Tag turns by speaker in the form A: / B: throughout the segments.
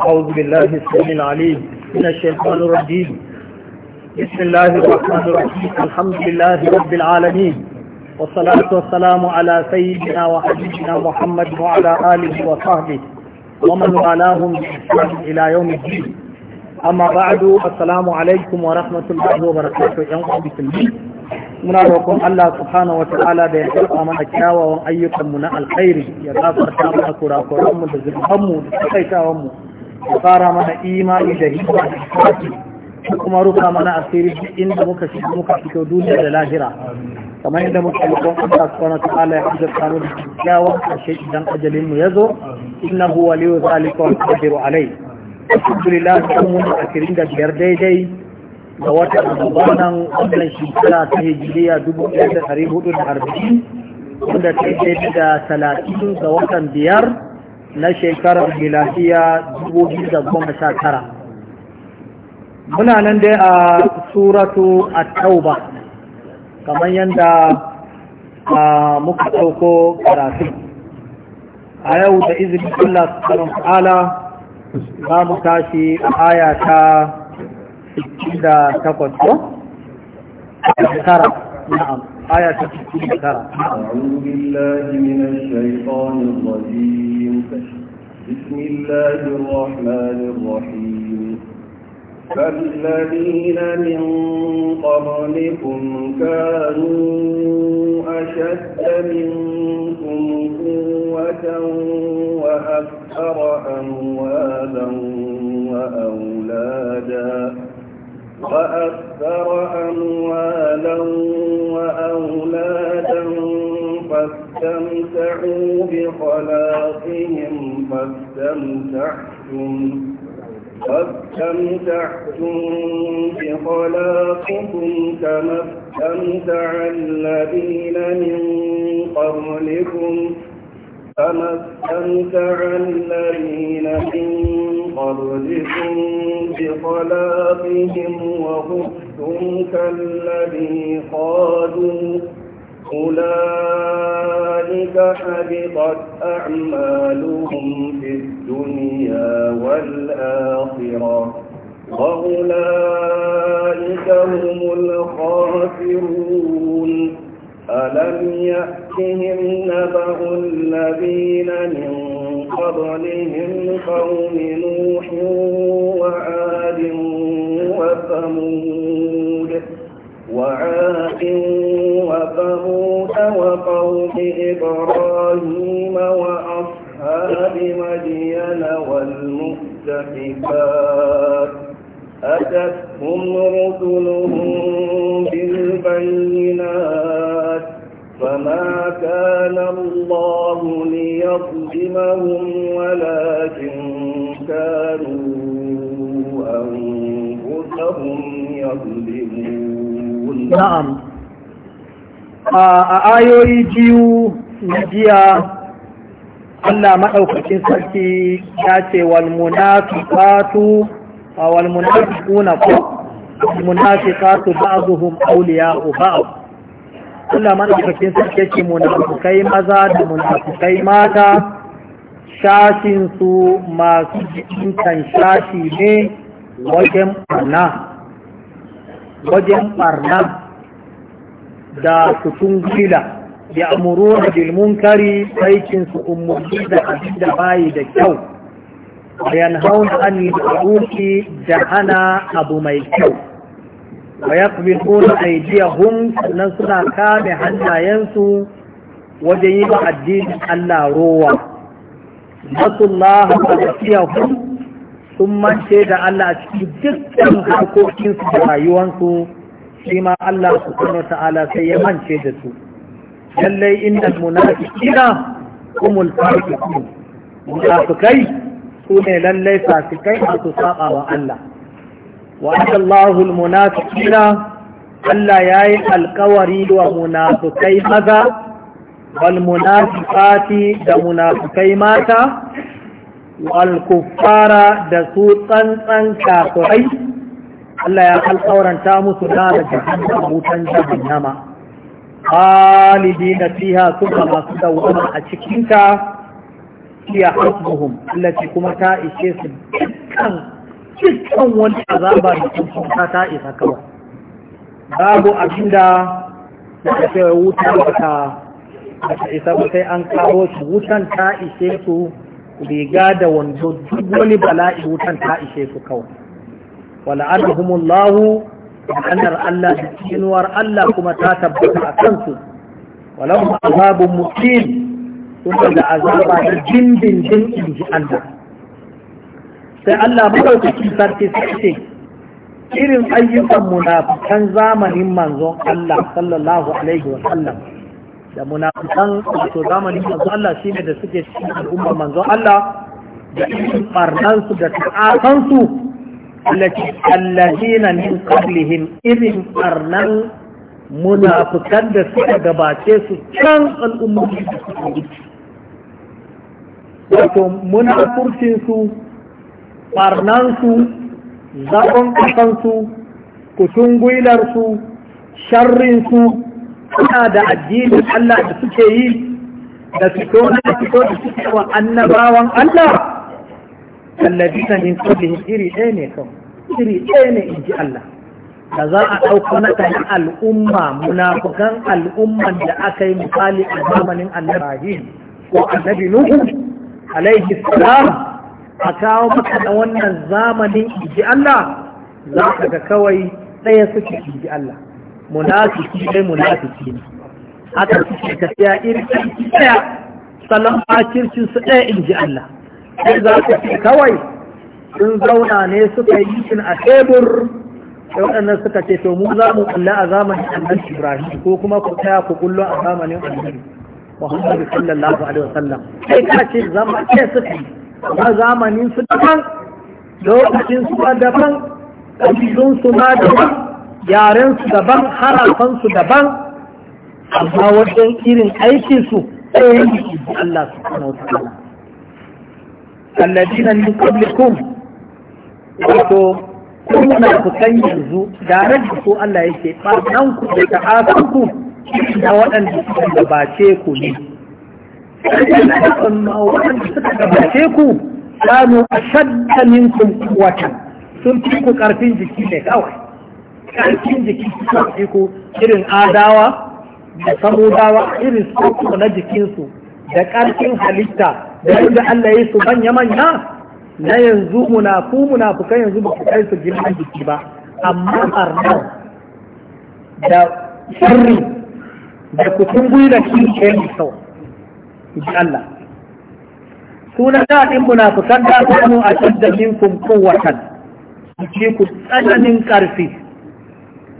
A: أعوذ بالله السميع العليم من الشيطان الرجيم بسم الله الرحمن الرحيم الحمد لله رب العالمين والصلاة والسلام على سيدنا وحبيبنا محمد وعلى آله وصحبه ومن والاهم بإحسان إلى يوم الدين أما بعد السلام عليكم ورحمة الله وبركاته يوم بسم muna roƙon Allah subhanahu wata'ala da ya karɓa mana kyawawan ayyukanmu na alkhairi ya gafarta mana kurakuranmu da zurfanmu da takaitawan ya fara mana imani da hikma da hikmati da kuma rufa mana asiri duk inda muka shiga muka fito duniya da lahira kamar yadda muka yi kon Allah subhanahu wa ta'ala ya azurta mu da kyakkyawan kashe idan ajalin mu yazo innahu waliyyu zalika wal qadiru alai alhamdulillah kun mun asirin da biyar daidai ga wata rubanan wannan shekara ta hijiriya dubu ɗaya da ɗari hudu da arba'in wanda ta yi daidai da talatin ga watan biyar na shekarar sha 2019 muna nan dai a suratu a tauba kamar yadda a muka ɗauko karatu a yau da izini Allah subhanahu ala za mu tashi a aya ta 68 na'am آية تكتب
B: أعوذ بالله من الشيطان الرجيم بسم الله الرحمن الرحيم فالذين من قبلكم كانوا أشد منكم قوة وأكثر أموالا وأولادا وأكثر أموالا وأولادا فاستمتعوا بخلاقهم فاستمتعتم فاستمتعتم بخلاقكم كما استمتع الذين من قبلكم فما استمتع الذين من قبلكم بخلاقهم وخفتم كالذي قالوا أولئك حبطت أعمالهم في الدنيا والآخرة وأولئك هم الخاسرون ألم يأتهم نبأ الذين من قبلهم قوم نوح وعاد وثمود وعاد وثمود وقوم إبراهيم وأصحاب مدين والمؤتفكات أتتهم رسلهم بالبينات فما كان الله ليظلمهم ولكن كانوا أنفسهم يظلمون
A: نعم آيو إيجيو نجيا Allah maɗaukacin sarki ya ce katu walmunafiqatu walmunafiquna ko walmunafiqatu ba'dhum awliya'u ba'd Allah mana cikin sarki munafukai maza da munafukai mata shashin su masu jikintan shashi ne wajen barna wajen barna da sutun gila ya amuru da kari aikin su umarni da abin da bayi da kyau bayan hauna an yi da hana abu mai kyau wa ya kubi kuna aidiyahum sannan suna kame hannayensu wajen yi ba addinin Allah rowa Rasulullah aidiyahum sun mance da Allah a cikin dukkan harkokinsu da rayuwansu shi ma Allah subhanahu wa ta'ala sai ya mance da su lallai innal munafiqina humul fasiqun munafiqai su ne lallai fasikai masu saba wa Allah wa Allah al-munafiqina Allah yayi alƙawari wa munafiqai maza wal munafiqati da munafiqai mata wal kuffara da su tsantsan kafirai Allah ya alƙawaranta musu da jahannam da butan jahannama khalidina fiha kuma masu dawama a cikinta ya hasbuhum allati kuma ta ishe su dukkan cikin wani azaba da kuma ta isa kawai babu abinda da ta wuta wata ta isa ba sai an kawo su wutan ta ishe su riga da wando duk wani bala'i wutan ta ishe su kawai wala arhumullahu annar Allah da cinuwar Allah kuma ta tabbata a kansu walau azabun muqim sun da azaba da jindin jin ji Allah sai Allah madaukaki sarki sarki irin ayyukan munafikan zamanin manzon Allah sallallahu alaihi wa sallam da munafikan wato zamanin manzon Allah shine da suke cikin al'ummar manzon Allah da irin barnan su da ta'atan su allazina min qablihim irin farnan munafikan da suka gabace su can al'ummar da suke wato munafurcin su ɓarnansu zaɓon ƙasansu kutungwilarsu sharrinsu suna da addinin Allah da suke yi da fito na fito da suke wa annabawan Allah kallabina min qablihim iri ɗaya ne kan iri ɗaya ne in ji Allah da za a ɗauka na ta al'umma munafukan al'umman da aka yi misali a zamanin annabi ko annabi Nuhu alaihi salam a kawo maka da wannan zamani inji Allah za ka ga kawai ɗaya suke inji Allah munafiki dai munafiki ne haka suke tafiya irin ɗaya salon bakircin su ɗaya inji Allah sai za ka ce kawai sun zauna ne suka yi shin a tebur sai waɗannan suka ce to mu za mu kulla a zamanin annabi Ibrahim ko kuma ku taya ku kullo a zamanin annabi muhammadu sallallahu alaihi wasallam sai ka ce zama ɗaya suka yi amma zamanin su daban lokacin su daban ɗabi'un su ma daban yaren su daban harafan su daban amma wajen irin aikin su ɗaya ne Allah subhanahu wa ta'ala alladina ni qablikum wato kuma na san yanzu gare da ku Allah yake ɓarnan ku da ta'afanku da waɗanda suka gabace ku ne amma waɗanda suka gabace ku kanu ashadda minkum quwwatan sun fi ku karfin jiki ne kawai karfin jiki sun fi ku irin adawa da samudawa irin su na jikinsu da karfin halitta da inda Allah ya su manya manya na yanzu muna munafu fuka yanzu ba ku kai su girman jiki ba amma arna da sharri da kutun gwiwa shi ke mai kawai ji Allah sunan daɗin munafukan da kanu a shadda minkum kowatan ci ku tsananin ƙarfi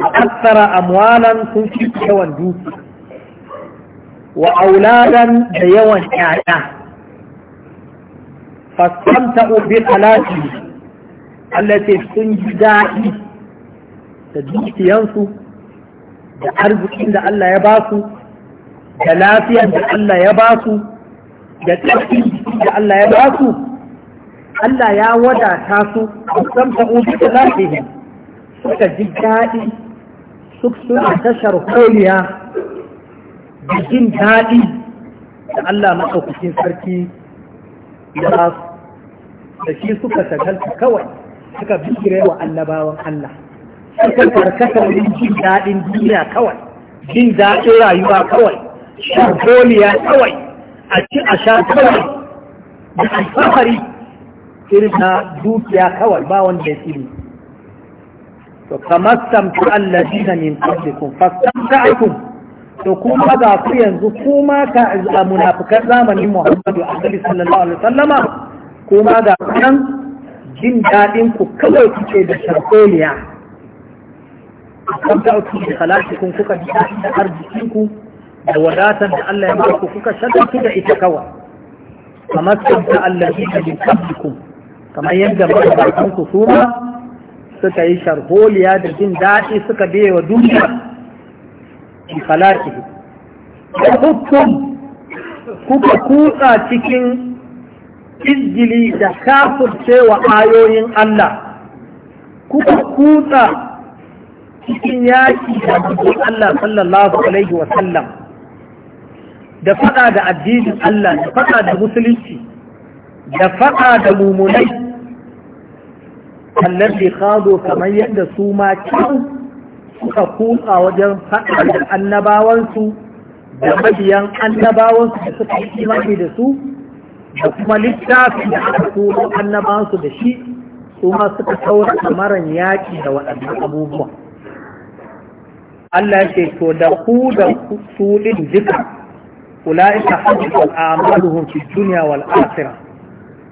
A: aksara amwalan sun fi yawan dutse. wa auladan da yawan ƴaƴa fastamta'u bi talati allati sun ji daɗi da dukiyansu da arzikin da Allah ya ba su da lafiyar da Allah ya ba su da ƙarfi da Allah ya ba su Allah ya wadata su musamman ta'udu da lafiyar suka ji daɗi suka suna tashar koriya da jin daɗi da Allah maɗaukakin sarki ya ba su da shi suka shagalta kawai suka bikire wa annabawan Allah suka karkata jin daɗin duniya kawai jin daɗin rayuwa kawai shan koliya kawai a ci a sha kawai
B: da alfahari
A: irin na dukiya kawai ba wanda ya fili to kamar samtu allazi na min qablikum fastamta'akum to kuma ga ku yanzu kuma ka munafikan zamanin Muhammadu Annabi sallallahu alaihi sallama kuma ga nan jin daɗin ku kawai kuke da sharkoliya kamta ku da halakikun kuka ji daɗin da arzikinku da wadatar da Allah ya baku kuka shagaltu da ita kawai kamar sun ta Allah shi ta bin kamar yadda mabarkan ku su ma suka yi sharholiya da jin daɗi suka biye wa duniya in falaki da hukum kuka kutsa cikin izgili da kafurcewa ayoyin Allah kuka kutsa cikin yaki da Allah sallallahu alaihi wa sallam da faɗa da addinin Allah da faɗa da musulunci da faɗa da mumunai allazi likado kamar yadda su ma can suka kutsa wajen faɗa da annabawansu da mabiyan annabawansu da suka yi imani da su da kuma littafin da aka kuro annabawansu da shi su ma suka taura kamaran yaƙi da waɗannan abubuwa Allah ya ce to da ku da su ɗin duka ulaika hajjal a'maluhum fi duniya wal asira.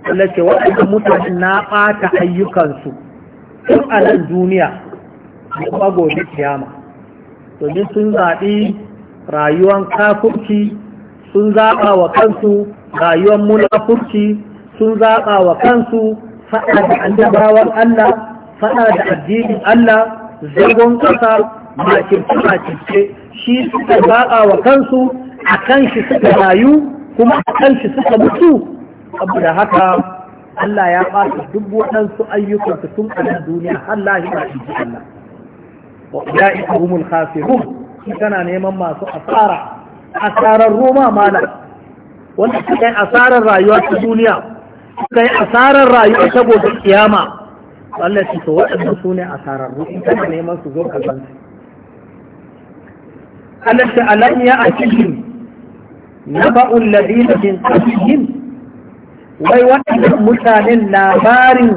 A: Allah ce mutane na ɓata ayyukansu tun a nan duniya da kuma gobe kiyama domin sun zaɓi rayuwan kafurci sun zaɓa wa kansu rayuwan munafurci sun zaɓa wa kansu faɗa da annabawan Allah faɗa da addinin Allah zagon ƙasa makirce makirce shi suka zaɓa wa kansu a kan shi suka rayu kuma a kan shi suka mutu saboda haka Allah ya ɓata duk waɗansu ayyukan su tun a duniya har lahira in ji Allah wa ula'ika humul khasirun shi kana neman masu asara asarar roma mana. wanda suka yi asarar rayuwa ta duniya suka yi asarar rayuwa ta gobe kiyama Allah shi to waɗannan su ne asarar in kana neman su zo ka zan su Allah ce alam ya akihim نبأ الذين من قبلهم wai waɗannan mutanen labarin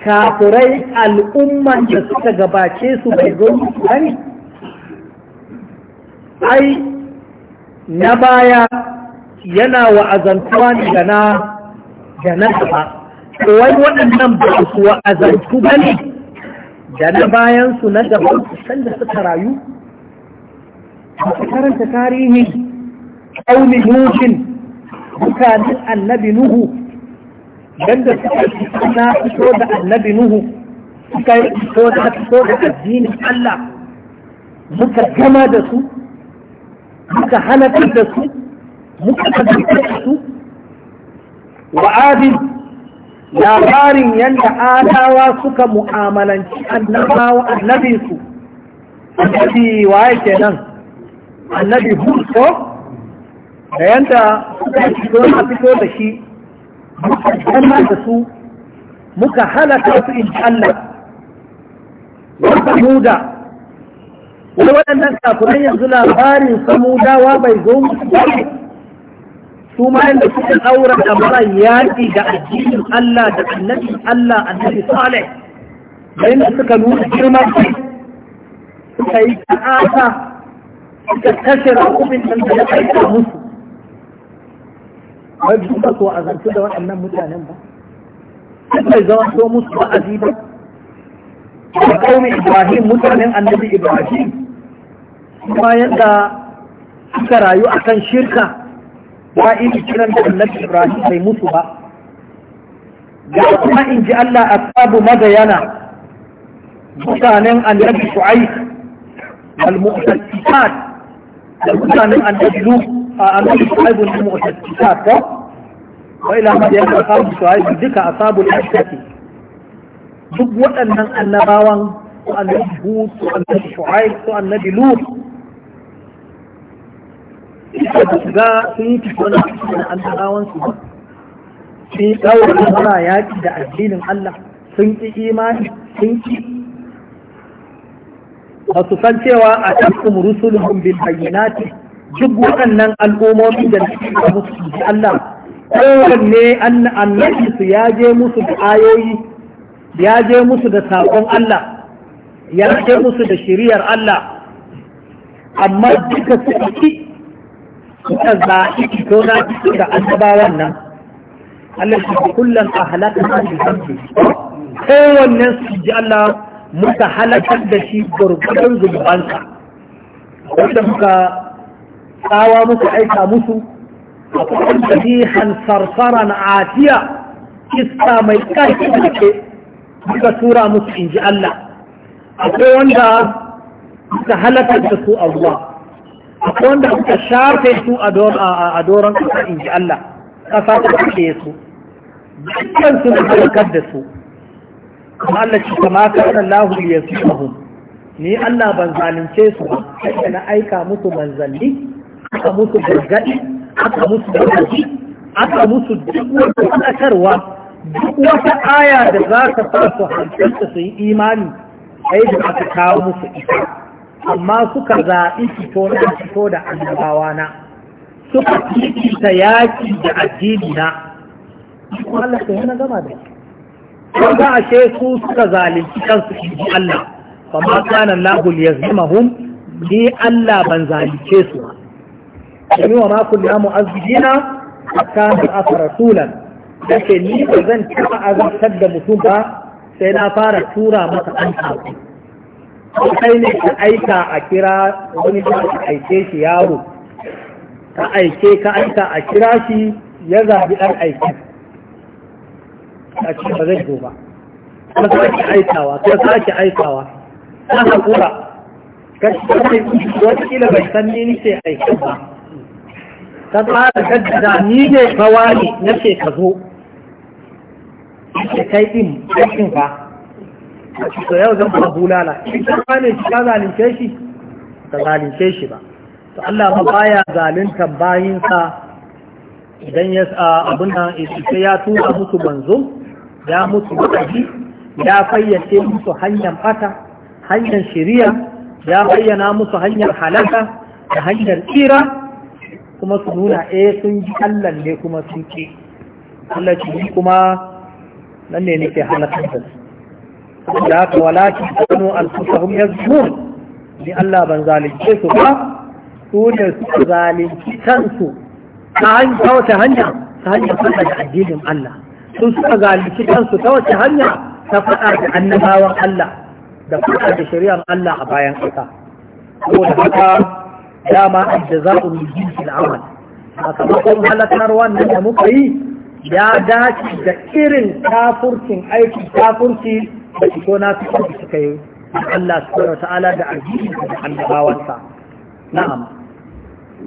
A: kafurai al'umman da suka gabace su bai zo bane ai na baya yana wa'azantuwa ne da na da na gaba wai waɗannan ba su wa'azantu ba ne da na bayansu na gaba su sanda suka rayu a karanta tarihi kauli nushin mutanen annabi nuhu yadda suka fito na fito da annabi nuhu suka fito da fito da addinin Allah muka gama da su muka halakar da su muka tabbatar da su wa adin labarin yadda adawa suka mu'amalanci annabawa annabinsu annabi waye kenan annabi hud ko da yanda don a fito da shi muka da su muka halaka su in Allah wata wani waɗannan kafirai yanzu labarin samudawa bai zo musu su ma yanda suka ɗaura da mara yaƙi da addinin Allah da annabin Allah annabi Saleh da yanda suka nuna girman suka yi ta'ata suka kashe rakubin da suka aika musu wai duk ba da waɗannan mutanen ba sai zama so musu wa'azi ba da kaumi ibrahim mutanen annabi ibrahim kuma yadda suka rayu akan shirka ba iri kiran da annabi ibrahim bai musu ba Ga kuma in ji allah asabu madayana mutanen annabi shu'aib al-mu'tasikat
B: da mutanen a
A: annabi shu'aib al wai lamar ya ka samu shu'aibu duka asabul ashkati duk waɗannan annabawan su annabi hud su annabi shu'aib su annabi lut suka da shiga sun yi tafiya na annabawan su sun yi ɗaura suna yaƙi da addinin Allah sun ƙi imani sun ƙi ba su san cewa a takum rusuluhum bil bayyinati duk waɗannan al'ummomi da suke musu Allah kowanne annabi su ya je musu da ayoyi ya je musu da saƙon Allah ya je musu da shiriyar Allah amma duka su ki suka zaɓi fito na su da annabawan nan Allah shi kullum a halakar da shi kowanne su ji Allah muka halakar da shi gurgurdan zubansa wanda muka tsawa muka aika musu akwai rihan sarsaran atiya iska mai ƙarfi da ke suka tura musu in ji Allah akwai wanda suka halakar da su a ruwa akwai wanda suka shafe su a doron ƙasa in ji Allah ƙasa ta ƙashe su
B: dukkan su halakar
A: da su kuma Allah ci kama kan Allah ya su ni Allah ban zalunce su ba sai na aika musu manzanni aka musu gargaɗi aka musu wa'azi aka musu duk wata faɗakarwa duk wata aya da za ka sa su hankalta su yi imani sai da aka kawo musu ita amma suka zaɓi fito na fito da annabawa na suka ta yaƙi da addini na Allah ta yana gama da shi a ce su suka zalunci kansu in ji Allah fa ma kana lahu liyazlimahum ni Allah ban zalunce su ba domin wa makon na mu'azzijina a kanin aka rasulan da ke ni ba zan taɓa azabtar da mutum ba sai na fara tura masa an tafi sai ne ka aika a kira wani da ka aike shi yaro ka aike ka aika a kira shi ya zaɓi ɗan aiki a ce ba zai zo ba ka sake aikawa ka sake aikawa ka haƙura ka shi wata bai san ni nake aikin ba ta fara gaddada ni ne bawani na ce ka zo Ka kai din aikin fa to yau zan fara bulala shi ta ne shi ka zalunce shi ka zalunce shi ba to Allah ba baya zalunta bayinsa idan ya abun nan sai ya tura musu banzo ya mutu wa'azi ya fayyace musu hanyar fata hanyar shiriya ya bayyana musu hanyar halaka da hanyar tsira kuma su nuna eh sun ji Allah ne kuma sun ce Allah ce kuma nan ne nake halakar da su da haka walakin kanu al-kusahum yazmun ni Allah ban zalunce su ba su ne su zalunci kansu ta hanyar wata hanya ta hanyar faɗa da addinin Allah sun suka zalunci kansu ta wata hanya ta faɗa da annabawan Allah da faɗa da shari'ar Allah a bayan ƙasa
B: saboda haka
A: dama aljaza'u min a kamar sakamakon halakar wannan da muka yi ya dace da irin kafurcin aiki kafurci da fito na fito da suka yi Allah ta'ala da aljihun da annabawansa
B: na'am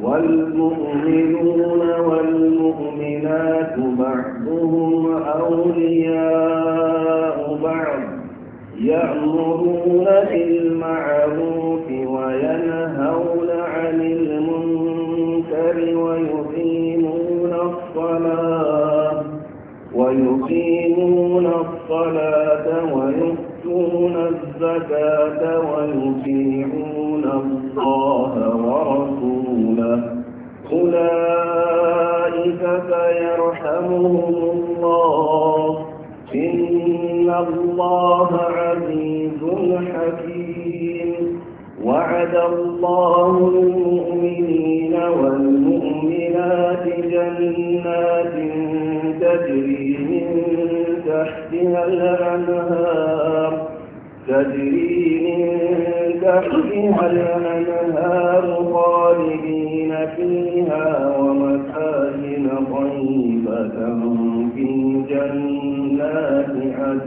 B: والمؤمنون والمؤمنات بعضهم أولياء بعض يأمرون بالمعروف وينهون عن المنكر ويقيمون الصلاة ويقيمون الصلاة ويؤتون الزكاة ويطيعون الله ورسوله أولئك سيرحمهم الله إن الله عزيز حكيم وعد الله المؤمنين والمؤمنات جنات تجري من تحتها الأنهار تجري من تحتها الأنهار خالدين فيها ومساجد طيبة جنات عدن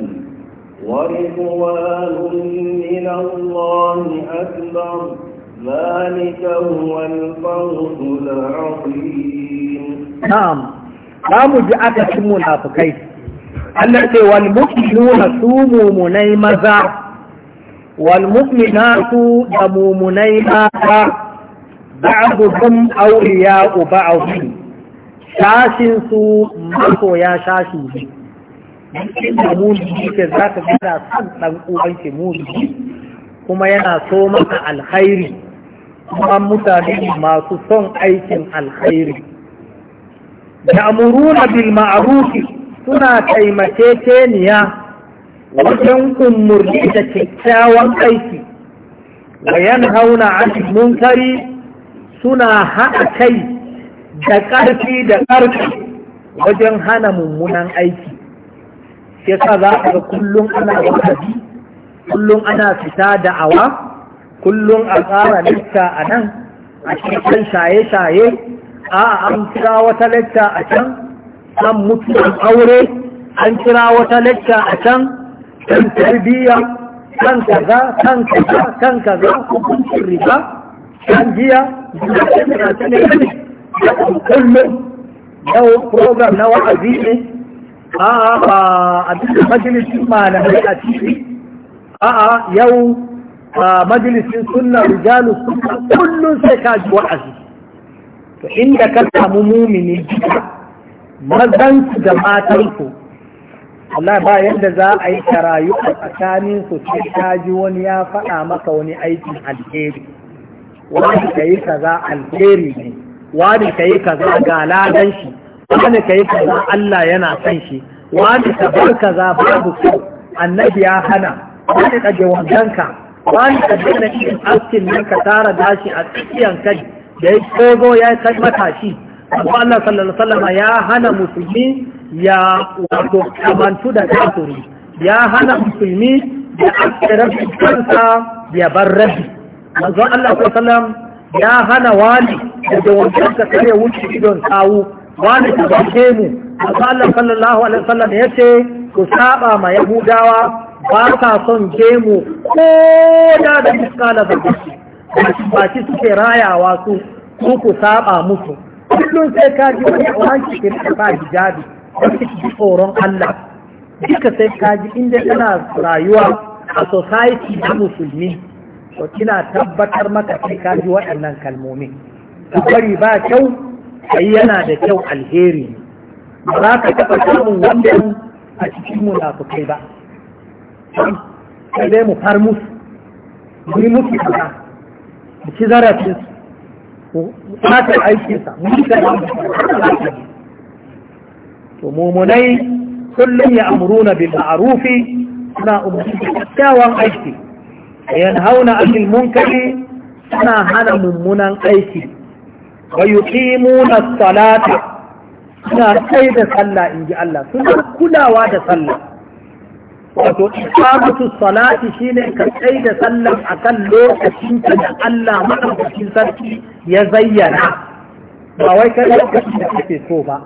B: ورضوان من الله أكبر ذلك هو الفوز العظيم
A: نعم قاموا جاءك المنافقين التي والمؤمنون سوموا مني مزع والمؤمنات دموا مني بعضهم أولياء بعضهم shashin su ya shashi ne da muni yake za ka gada son ɗan uwan ke muni kuma yana so maka alkhairi kuma mutane masu son aikin alkhairi ya'muruna bil suna taimakekeniya wajen umurni da kyakkyawan aiki wa hauna cikin munkari suna haɗa kai da ƙarfi da ƙarfi wajen hana mummunan aiki ke sa za a ga kullum ana wa'azi kullum ana fita da'awa kullum a tsara lacca a nan a cikin shaye-shaye a an kira wata lacca a can an mutu an aure an kira wata lacca a can kan tarbiyya kan kaza kan kaza kan kaza hukuncin riba kan giya da kullum yau program na wa'azi ne a a a cikin majalisin malamai a ciki a a yau a majalisin sunna rijalu sunna kullum sai ka ji wa'azi to inda ka samu mumini mazan su da matan ku Allah ba yadda za a yi karayu a tsakanin su sai ka ji wani ya faɗa maka wani aikin alheri wani ka yi kaza alheri ne wani ka yi kaza ga ladan shi wani ka yi kaza Allah yana son shi wani ka bar kaza babu kyau annabi ya hana wani ka je wanganka wani ka je na cikin askin nan ka tara dashi a tsakiyar kai da ya kogo ya kai matashi amma Allah sallallahu alaihi ya hana musulmi ya wato kamantu da kafiri ya hana musulmi da aske rabin kansa ya bar rabi manzon Allah sallallahu alaihi ya hana wani daga wancan ka kare wuce idon sawu wani ka bace mu Allah sallallahu alaihi wasallam ya ce ku saba ma yahudawa ba ka son gemu ko da da miskala da baki suke rayawa su ku ku saba musu kullum sai ka ji wani ki ke ba hijabi wani ki tsoron Allah duka sai ka ji inda kana rayuwa a society na musulmi to kina tabbatar maka sai ka ji waɗannan kalmomi ka ba kyau kai yana da kyau alheri ne. ba za ka taɓa samun wannan a cikin kai ba sai dai mu far musu mu yi musu kaza mu ci zarafin su
B: fatar aikinsa mu yi kaza
A: to mumunai kullum ya amuruna bil ma'rufi suna umarci. da kyakkyawan aiki yanhauna anil munkari suna hana mummunan aiki wa yuqimuna as suna kai da sallah in ji Allah suna kulawa da sallah wato iqamatu salati shine ka kai da a kan lokacin da Allah madaukakin sarki ya zayyana ba wai kai lokacin da kake so ba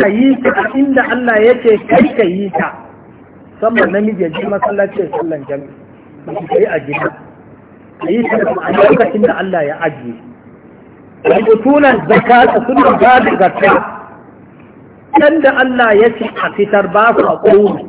A: ka yi inda Allah yake kai ka yi ta musamman namiji ya ji masallaci sallan jami'i kai a a yi shi a lokacin da Allah ya ajiye wanda tunan zakata suna ba da zakka dan da Allah ya ce a fitar ba su a kowane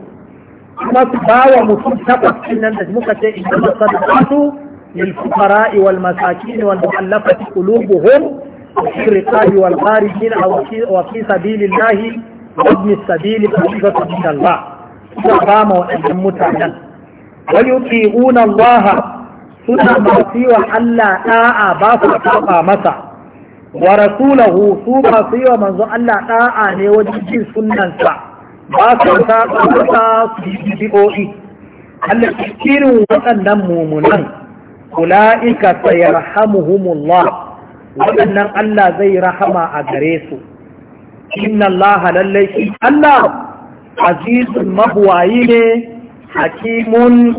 A: kuma su ba wa mutum takwas nan da muka ce in kuma sadaqatu lil fuqara'i wal masakin wal mu'allafati qulubuhum في الرقاب والخارجين أو في سبيل الله وابن السبيل فريضة من الله. Ina ba ma waɗannan mutanen wal yuti'una Allah suna masu yi wa Allah ɗa'a ba su saba masa wa rasulahu su masu yi wa manzo Allah ɗa'a ne wajen jin sunnansa ba su saba masa su yi bidiyoyi Allah irin waɗannan mumunan ya rahamuhumullah waɗannan Allah zai rahama a gare su inna Allah lallai shi Allah azizun mahuwayi ne hakimun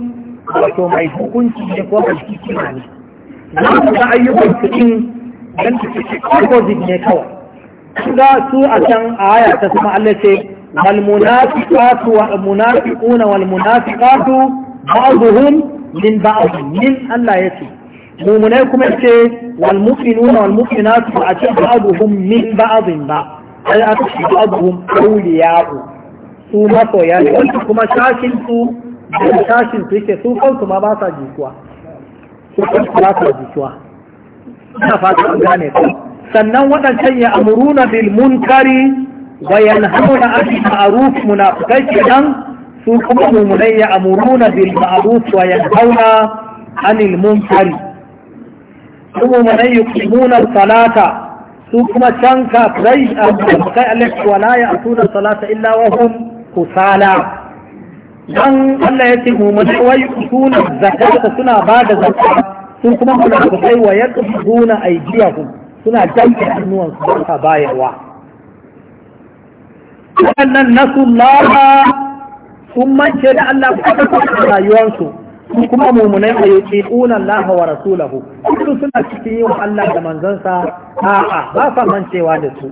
A: wato mai hukunci ne ko mai hikima ne za su ga ayyukan su dan su ce opposite ne kawai ga su a can a aya ta sama Allah ce wal munafiqatu wa munafiquna wal munafiqatu ba'dhum min ba'd min Allah yace mumunai kuma ce wal mu'minuna wal mu'minatu a ce ba'dhum min ba'd ba ai aka ce ba'dhum awliya'u su masoya ne wanda kuma shashin su da shashin su yake su kansu ma ba sa jituwa
B: su kansu ba sa
A: jikuwa, ina fata an gane ku sannan waɗancan ya amuruna bil munkari wa yanhauna an ma'ruf munafikai kenan su kuma mumunai ya amuruna bil ma'ruf wa yanhauna anil munkari su mumunai yuqimuna salata su kuma can kafirai a kai alaihi wa la ya'tuna salata illa wa hum kusala don Allah ya ce mu wai suna zakata suna ba da zakata sun kuma da kusai wa yaqbuna ku suna danke hannuwan su ba bayarwa wannan nasullaha sun mance da Allah ku ta rayuwarsu sun kuma mumunai a yake ƙuna laha wa Rasulahu, su suna cikin yin Allah da manzansa a'a ba sa mancewa da su.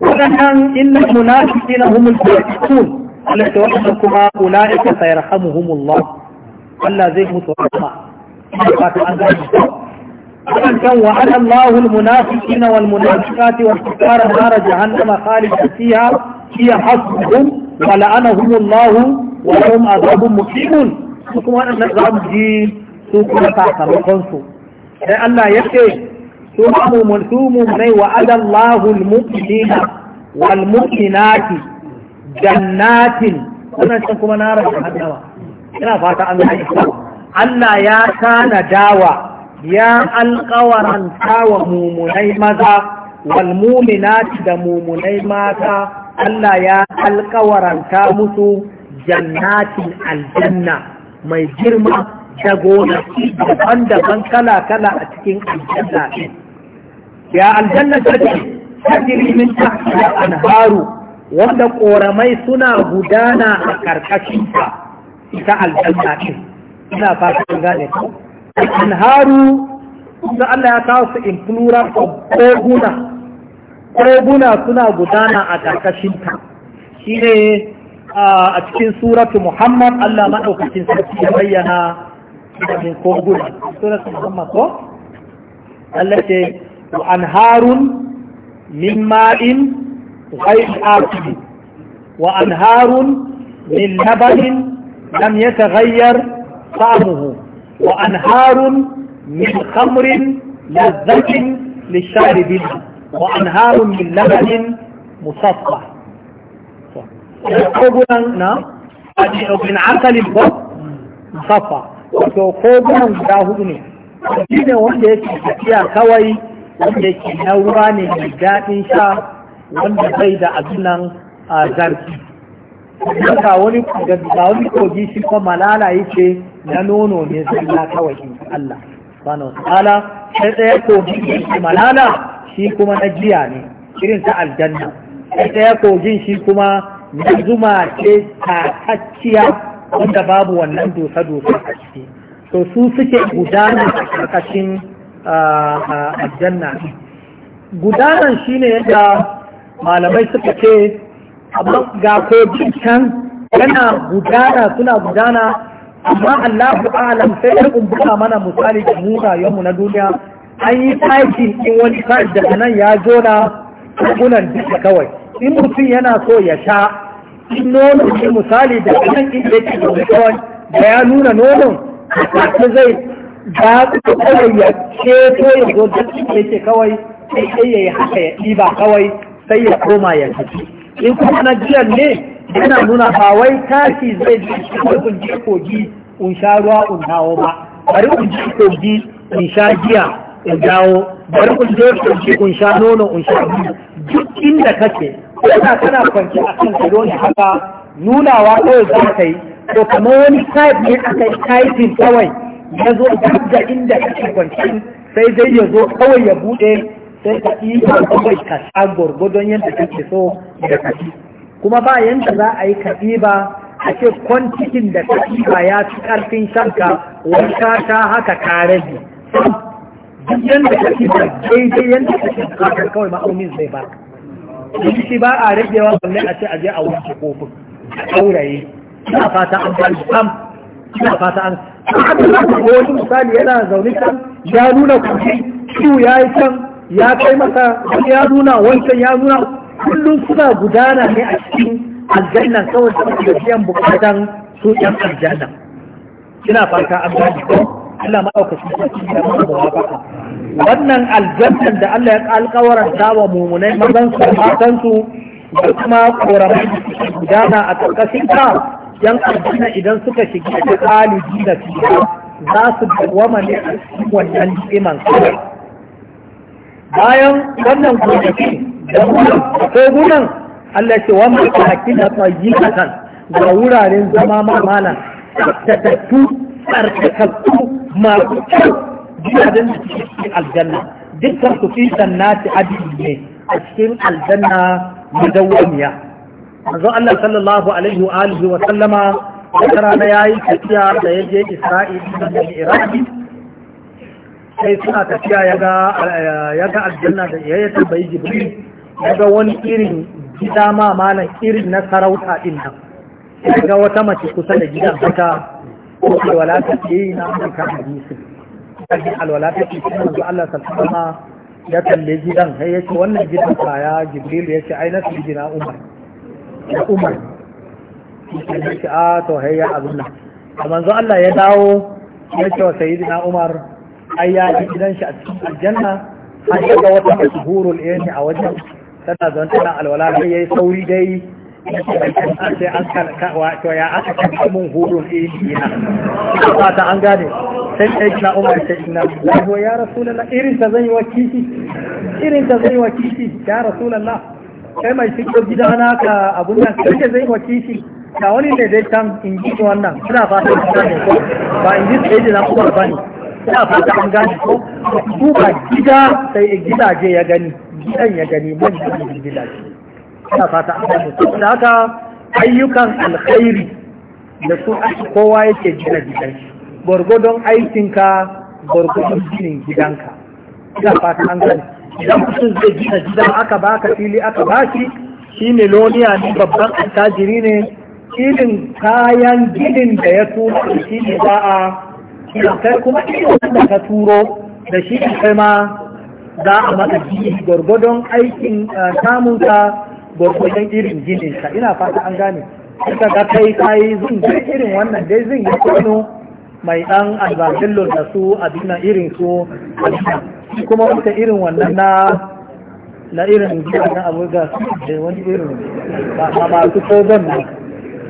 A: waɗannan illal munafiqina humul fasiqun Allah ta waɗannan kuma ulaika sayarhamuhumullah Allah zai mutu rahma
B: fata an gani
A: waɗannan wa ala Allahul munafiqina wal munafiqati wal kufara nar jahannama khalidan fiha hiya hasbuhum wa la'anahumullah wa lahum adhabun muqimun kuma waɗannan za mu ji su kuma sakamakonsu sai Allah ya ce su mummunai wa adallahul mu'minina wal mu'minati jannatin wannan can kuma na rasa haddawa ina fata an gani Allah ya tana dawa ya alƙawaranta wa mummunai maza wal mu'minati da mummunai mata Allah ya alƙawaranta musu jannatin aljanna mai girma da gonaki daban-daban kala-kala a cikin aljanna ya aljanna take tajri min tahtiha anharu wanda koramai suna gudana a karkashin ta ita aljanna din ina fatan gane ko anharu da Allah ya kawo su in plural of koguna koguna suna gudana a karkashin ta shine a cikin suratu Muhammad Allah madaukakin sarki ya bayyana da min koguna suratu Muhammad ko Allah ce وأنهار من ماء غير آكل وأنهار من لبن لم يتغير طعمه وأنهار من خمر لذة للشاربين وأنهار من لبن مصفى kogunan bin asalin ba musafa wato kogunan guda hudu ne shi ne wanda yake tafiya kawai wanda ke na ruwa ne mai daɗin sha wanda bai da abin nan a zarfi ga wani wani kogi shi kuma malala yake na nono ne ya kawai Allah Bano wa sai ɗaya kogin shi malala shi kuma na jiya ne irin ta aljanna sai ɗaya kogin shi kuma na zuma ce takakkiya wanda babu wannan dosa-dosa a ciki to su suke gudana a ƙarƙashin aljanna gudanar shi ne yadda malamai suka ce amma ga ko can yana gudana suna gudana amma Allahu alam sai ya kumbuka mana misali da mu rayuwarmu na duniya an yi taki in wani sa'id daga nan ya jona kogunan duka kawai in mutum yana so ya sha in nono shi misali da nan in yake da da ya nuna nonon zai ba su kawai ya ceto ya zo da ce kawai sai ya yi haka ya ba kawai sai ya koma ya tafi in kuma na jiyan ne yana nuna ba wai tashi zai ji in je kogi in sha ruwa in dawo ba bari in je kogi in sha giya in dawo bari in je kogi in sha nono in sha biyu duk inda kake yana kana kwanci a kan kado ne haka nunawa kawai za ka yi to kamar wani type ne aka yi typing kawai ya zo da inda kake kwanci sai dai ya zo kawai ya bude sai ka yi kawai ka sha gwargwadon yadda kake so da kashi kuma ba yanda za a yi kaɗi ba a ce kwantikin da kaɗi ba ya fi ƙarfin shanka wani ka sha haka ka rage duk yadda kake ba daidai yadda kake bukatar kawai ma'aunin zai ba shi ba a ragewa balle a ce a je a wanke kofin a ɗauraye ina fata an ba ina fata an haka za wani misali yana zaune can ya nuna kuɗi ciwo ya yi can ya kai masa ya nuna wancan ya nuna kullum suna gudana ne a cikin aljanna kawai saboda biyan bukatan su yan aljanna ina fata an gane ko Allah maɗaukacin sarki da mu da wafaka wannan aljannan da Allah ya alƙawaran ta wa mumunai mazan su matan su da kuma koramai gudana a ƙarƙashin ka? yan aljanna idan suka shiga da kalibi da fiya za su dawama ne a cikin wannan ni'iman kawai
B: bayan wannan gonaki
A: da gunan ko gunan Allah ce wa ya kaki na kan ga wuraren zama mamala tattattu tsarkakattu masu kyau gidajen da suke cikin aljanna dukkan su fi sannati adili ne a cikin aljanna madawwamiya manzo Allah sallallahu alaihi wa alihi wa sallama wata rana yayi tafiya da yaje Isra'il da Iraq sai suna tafiya yaga yaga aljanna da yayi tambayi Jibril yaga wani irin gida ma malan irin na sarauta din nan yaga wata mace kusa da gidan haka ko wala ta ce na amurka hadisi kaji alwala ta ce kuma manzo Allah sallallahu alaihi wa ya kalle gidan sai yace wannan gidan kaya Jibril yace ai na gina Umar da umar shi shi a ah, to hayya abinna a manzo Allah ya dawo ya ce wa sayyidina umar ai ya ji gidan shi a cikin aljanna har ya ga wata mashhurul ilmi a wajen tana zan tana alwala sai yayi sauri dai sai an kan wato ya aka kan mun hurun ilmi ina ta an gane sai sai na umar sai na ya rasulullah irin ta zan yi wa kishi irin ta zan yi wa kishi ya rasu rasulullah kai mai gida gidana ka abun nan kake zai wace shi ta wani ne dai can in ji wannan suna fata an gane ko ba in ji sai da na kuma ba ne suna fata an gane ko ba gida sai gidaje ya gani gidan ya gani man gidaje suna fata an gane ko da haka ayyukan alkhairi da su kowa yake gina gidan shi gwargwadon aikinka gorgodon ginin gidanka ina fata an gane idan mutum zai gina gida aka baka fili aka baki shi miloniya ne babban attajiri ne filin kayan ginin da ya tura da shi ne za a kai kuma filin da ka turo da shi ne kai ma za a mata gini gwargwadon aikin eh, samunka gwargwadon irin ginin ina fata an gane suka ga kai kayi zin irin wannan dai zin ya kwano mai ɗan albashillo da su abin irin su kuma wata irin wannan na na irin na abuga da wani irin ba masu sojan ne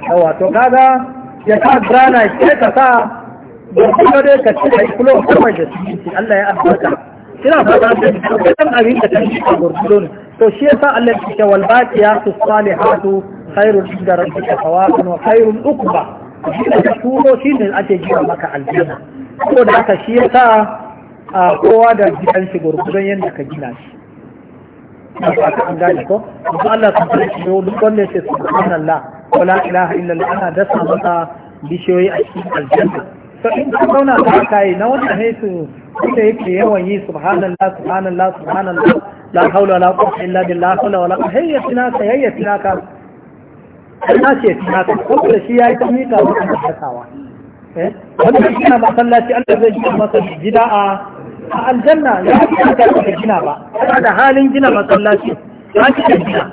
A: yawa wato kaga ya sa grana ke ka sa
B: da kuma dai ka ci da kulo
A: kamar da su Allah ya albarka ina fata da kan abin da ta yi a gurgurun to shi ya yasa Allah ya ce wal baqiyatu salihatu khairul inda rabbika thawaban wa khairul uqba abinda ka turo shi ne ake gina maka aljanna saboda haka shi ya sa a kowa da gidan shi gurgurdan yadda ka gina shi aka an gane ko amma Allah ta fara shi duk wanda yake subhanallah wala ilaha illallah ana dasa masa bishiyoyi a cikin aljanna to in ka zauna da haka yi na wannan ne su wanda yake yawan yi subhanallah subhanallah subhanallah la hawla wala quwwata illa billah la hawla wala hayyatina ka hayyatina ka na ce na ta saboda shi ya yi ta mika wa kan hakawa eh, wanda shi na masallaci Allah zai gina masa gida a aljanna ya ce ta ka gina ba kana da halin gina masallaci ya ce ka gina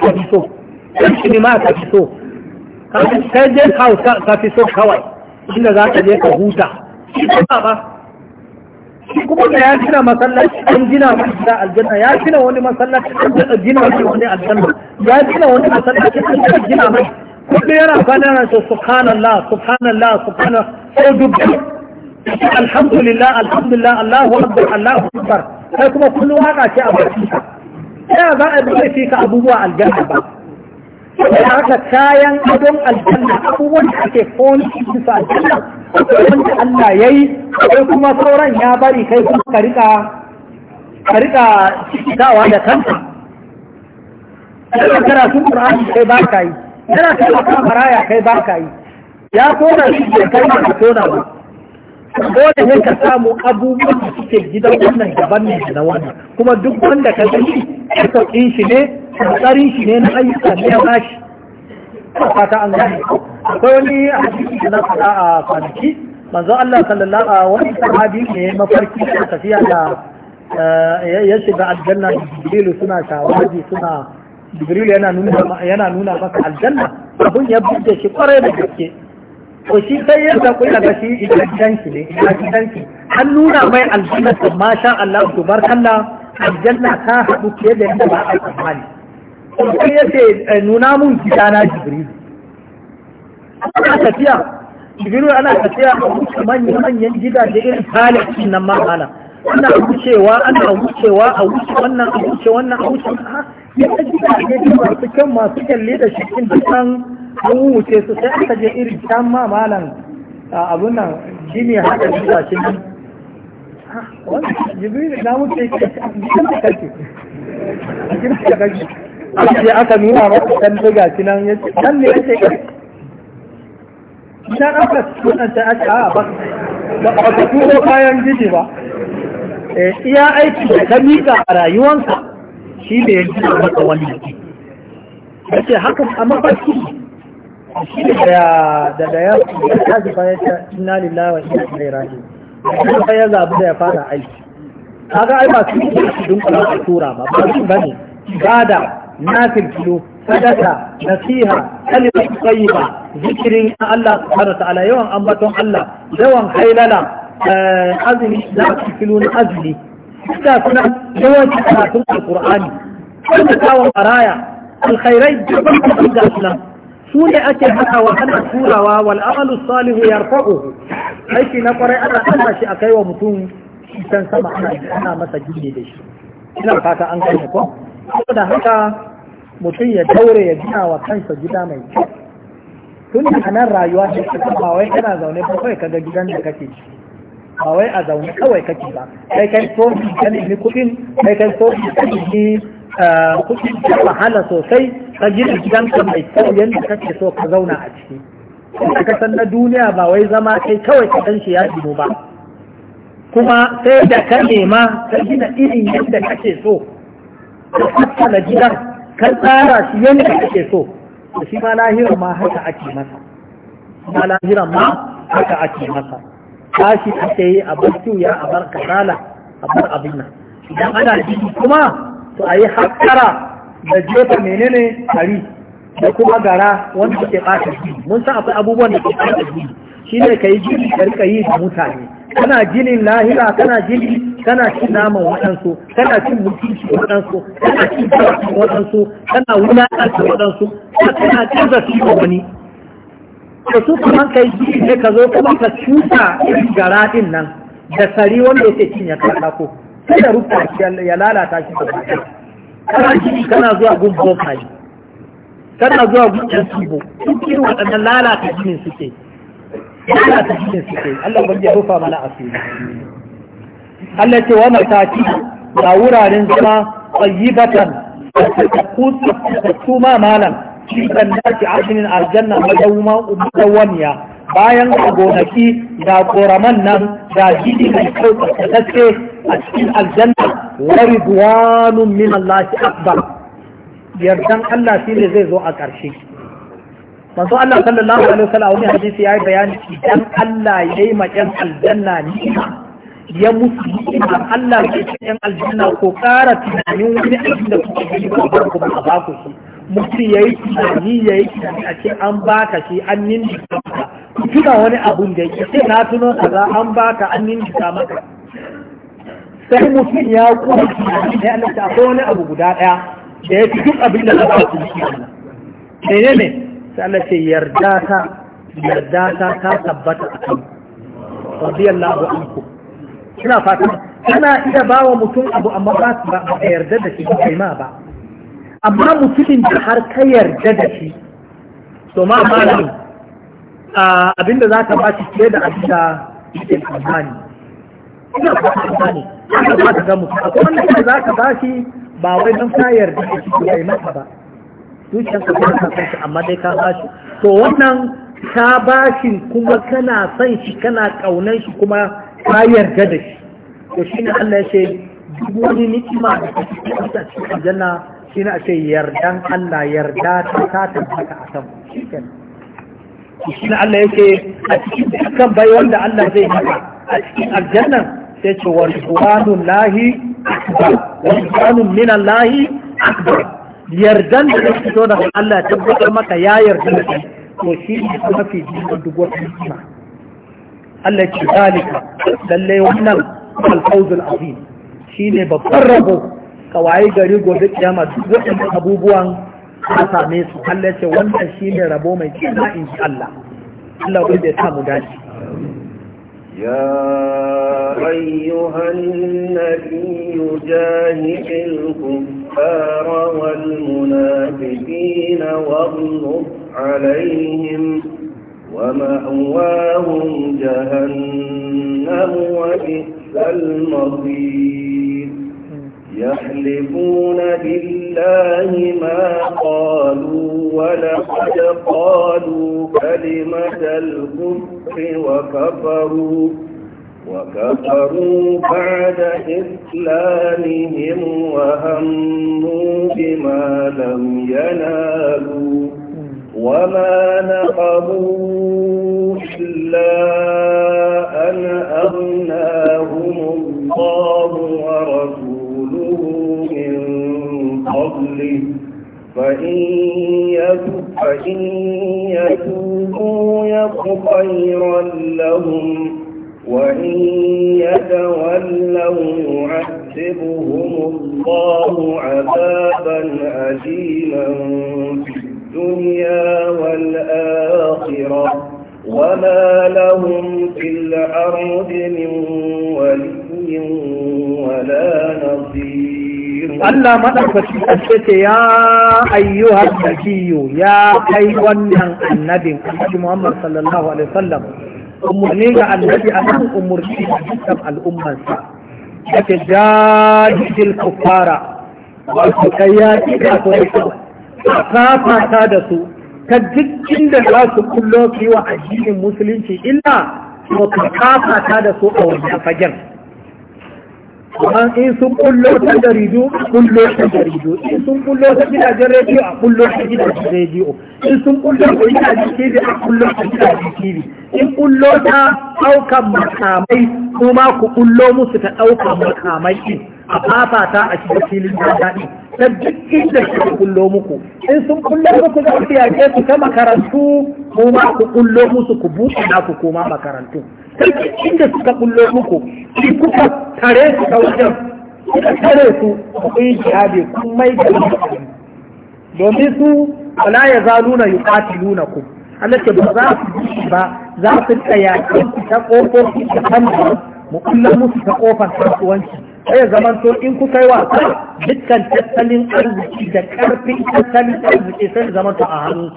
A: ka fi so shi ne ma ka fi so ka je kawai ka fi so kawai inda za ka je ka huta shi ba ba kuma da ya gina masallaci an gina masa aljanna ya gina wani masallaci an gina wani aljanna ya gina wani masallaci an gina mai kuma yana kwana na ce subhanallah subhanallah subhanallah sai dubbi alhamdulillah alhamdulillah allahu akbar allahu akbar sai kuma kullu waka ce a bakin ka sai za a bi ka abubuwa aljanna ba da haka kayan adon aljanna abubuwan da ake koni su aljanna wanda Allah ya yi sai kuma sauran ya bari kai kuma ka rika ka rika dawa da kanka kana karatun Qur'ani kai ba ka yi kana karatun maraya kai ba ka yi ya kona shi kai ba ka tona ba dole ne ka samu abubuwan da suke gidan wannan daban ne na wannan kuma duk wanda ka gani sauƙin shi ne tsarin shi ne na ayyuka ne ya bashi a fata an gani akwai wani a cikin na fada a kwanaki manzo Allah sallallahu alaihi wani sahabi ne mafarki da tafiya da eh, ya shiga aljanna jibrilu suna shawagi suna jibrilu yana nuna maka aljanna abun ya bude shi kwarai da gaske ko shi sai ya zaku ina ga shi idan shi ne idan shi an nuna mai aljanna to masha Allah to barkalla aljanna ta haɗu ke da yadda ba a tsammani sai ya ce eh, nuna mun gidana jibril ana tafiya jibril ana tafiya a wuce manyan manyan gidaje irin talibin nan ma ana ana wucewa ana wucewa a wuce wannan a wuce wannan a wuce ah, ya ta gidaje masu kyan masu kalle da shi dukkan an wuce su sai aka je irin can ma malam abun nan shi ne haka zuwa shi nan jibril na wuce shi da kake a girka da kake sai aka nuna masa kan buga shi nan ya ce nan ne ya ce idan aka tunanta aka ah, a ba ba ka turo kayan gidi ba eh, iya aiki da ka miƙa a rayuwansa shi ne ya gina masa wannan ya ce hakan a mafarki shi da da ya tashi fa ya ce inna lillahi wa ilaihi ya zabi da ya fara aiki kaga ai ba su yi dun kula tura ba ba su bane ibada nafil kilo sadaka nasiha kalimatu tayyiba zikirin Allah subhanahu wa ta'ala yawan ambaton Allah yawan hailala eh, azumi za a na azumi da suna yawanci karatun alkur'ani wanda kawon araya alkhairai da ban da sunan su ne ake wa ana turawa wal amalu salihu yarfa'uhu aiki na kwarai ana ana shi akai wa mutum can sama ana ana masa gini da shi ina fata an gane ko saboda haka mutum ya daure ya gina wa kansa gida mai kyau tun da nan rayuwa ce ta ba wai kana zaune ba kai kaga gidan da kake ci ba wai a zaune kawai kake ba kai kai so ka ni kudin. kai kai so ka ni eh, kudin ta wahala sosai ka gina gidanka mai kyau yadda kake so ka zauna a ciki ka san na duniya ba wai zama kai kawai ka san shi ya ba kuma sai da ka nema ka gina irin yadda kake so ka tattala gidan ka tsara shi yadda kake so da shi ma lahiran ma haka ake masa ma lahiran ma haka ake masa tashi ake yi a bar ya a bar kasala a bar abin nan idan ana jiki kuma to a yi hakkara da jefa menene kari da kuma gara wanda suke ɓata mun san akwai abubuwan da ke ɓata jini shi ne ka yi jini ka rika yi da mutane kana jinin lahira kana jini kana cin naman waɗansu kana cin mutunci waɗansu kana cin zarafin waɗansu kana wulaƙanta waɗansu kana cin zafi da wani da su kuma ka yi jini ne ka zo kuma ka cuta gara din nan da sari wanda yake cin ya katako kada rufa ya lalata shi da bakin kana gini zuwa gun bokaye kana zuwa gun yan tubo duk irin waɗannan lalata ginin suke lalata ginin suke Allah ban ya rufa mana asiri Allah ce wa mataki da wuraren zama tsayibatan da kusa ma malam shi kan dace ashinin aljanna madawuma umdawamiya bayan a gonaki da koraman nan da gidi mai ta tsakatacce a cikin aljanna wa ridwanun min Allah akbar yardan Allah shi ne zai zo a ƙarshe manzo Allah sallallahu alaihi wasallam wani hadisi yayi bayani idan Allah yayi ma ƴan aljanna ni'ima ya musu ni'ima Allah ya ce ƴan aljanna ko ƙara tunanin wani abin da kuke gani ba ku ba ba ku shi Musu yayi tunani yayi tunani a ce an baka shi an ninni tuna wani abun da yake sai na tuno kaza an baka an ka maka sai mutum ya kuma ya halatta ko wani abu guda ɗaya da ya duk abin da za su yi Allah sai ne ne sai Allah ce yarda ta yarda ta ta tabbata a kan radiyallahu anhu kina fata kana iya ba wa mutum abu amma ba su ba yarda da shi ba kai ma ba amma mutumin da har ka yarda da shi to ma ne. abinda za ka ba shi fiye da abin da yake tsammani ina fata ne haka za ka gamu akwai wanda kai za ka bashi ba wai don tayar yarda da shi ya yi maka ba zuciyar ka kuma ka san amma dai ka bashi to wannan ka bashi kuma kana san shi kana kaunan shi kuma ka yarda da shi to shine Allah ya ce duk wani ni'ima da ta cikin aljanna shine a ce yardan Allah yarda ta ta tabbata a kan shikenan shi Allah yake a cikin dukkan bai wanda Allah zai maka a cikin aljannan sai ce wa ridwanun lahi akbar wa ridwanun min lahi akbar yardan da kake so daga Allah tabbatar maka ya yarda da kai to shi ne mafi jikin duk wata hikima Allah ce zalika lalle wannan alfawzul azim shine babban rabo kawai gari gobe kiyama duk waɗannan abubuwan a same su Allah ce wannan shine rabo mai kima in ji Allah Allah wanda ya samu dace
B: يا أيها النبي جاهد الكفار والمنافقين واغلظ عليهم ومأواهم جهنم وبئس المصير يحلفون بالله ما قالوا ولقد قالوا كلمة الكفر وكفروا وكفروا بعد إسلامهم وهموا بما لم ينالوا وما نقموا إلا أن أغناهم الله ورسوله فكلوه من قبل فإن يتوبوا يك خيرا لهم وإن يتولوا يعذبهم الله عذابا أليما في الدنيا والآخرة وما لهم في الأرض من ولي ولا نظير الله ما أكتشفت
A: يا أيها النبي يا أيها النبي محمد صلى الله عليه وسلم umarni ga annabi a kan umarni a dukkan al'ummarsa da ke jajijil kufara wasu kai yaƙi da su fafata da su jikin da za su kullo wa addinin musulunci illa ba ka ta da su a wajen fagen amma in sun kullo ta jaridu kullo ta jaridu in sun kullo ta gidajen rediyo a kullo ta gidajen rediyo in sun kullo ta gidajen tv a kullo ta gidajen tv in kullo ta ɗaukan makamai kuma ku kullo musu ta ɗaukan makamai ɗin a fafata a cikin filin daɗi ta duk inda su kullo muku in sun kullo muku za su yaƙe su ta makarantu kuma ku kullo musu ku buɗe naku kuma makarantu inda suka kullo muku shi kuka tare su ta wajen kuka tare su a yi jihadi kun mai da domin su wala ya zaluna nuna ku Allah ba za su ba za su tsaya ta kofofi ta hannu mu kulla musu ta kofar kasuwanci sai ya zama to in kuka yi wasa dukkan tattalin arziki da karfin tattalin arziki sai ya zama to a hannu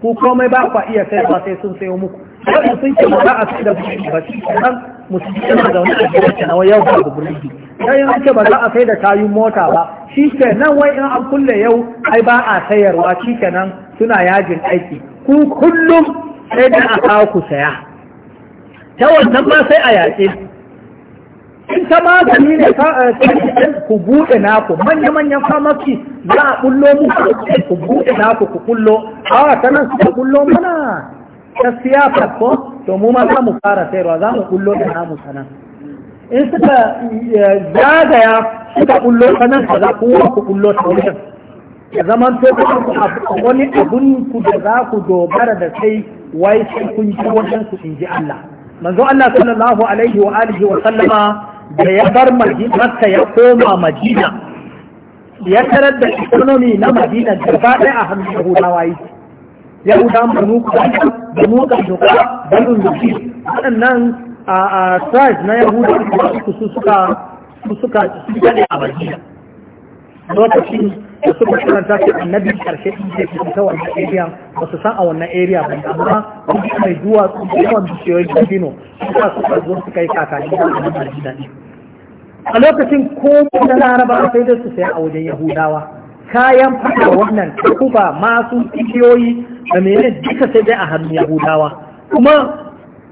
A: ku komai ba kwa iya sai ba sai sun sayo muku wanda sun ce ba a sai da ba shi kenan mutum yana zaune a gidan ta nawa yau ba burodi sai an ce ba za a sai da kayan mota ba shi kenan wai in an kulle yau ai ba a sayarwa shi nan suna yajin aiki ku kullum sai da a kawo ku saya ta wannan ma sai a yaƙe in ta magani ne eh, ku buɗe naku manya-manyan famaki za a kullo muku ku buɗe naku ku kullo a ta nan suka kullo mana ta siyasa ko to mu ma za mu fara sayarwa za mu kullo da namu sanan in suka eh, zagaya suka kullo sanan ka za ku ku kullo ta wajen ya zaman to ku wani abun ku da za ku dogara da sai wai sai kun ji wajen ku in ji Allah manzo Allah sallallahu alaihi wa alihi wa sallama da ya bar Makka ya koma Madina ya tarar da economy na Madina gaba ɗaya a hannun Yahudawa yake Yahuda banu kuɗaɗa da motsa shekara da waɗannan a tribes na yahuda su suka su suka su daɗe a madina lokacin da suka karanta shi annabi karshe din da ke ta wannan area ba su san a wannan area ba amma wani mai su da yawan bishiyoyi da dino suka suka zo su kai kakani da annabi madina ne a lokacin ko na laraba sai dai su sai a wajen yahudawa kayan fada wannan takuba masu igiyoyi da mene duka sai dai a hannun yahudawa kuma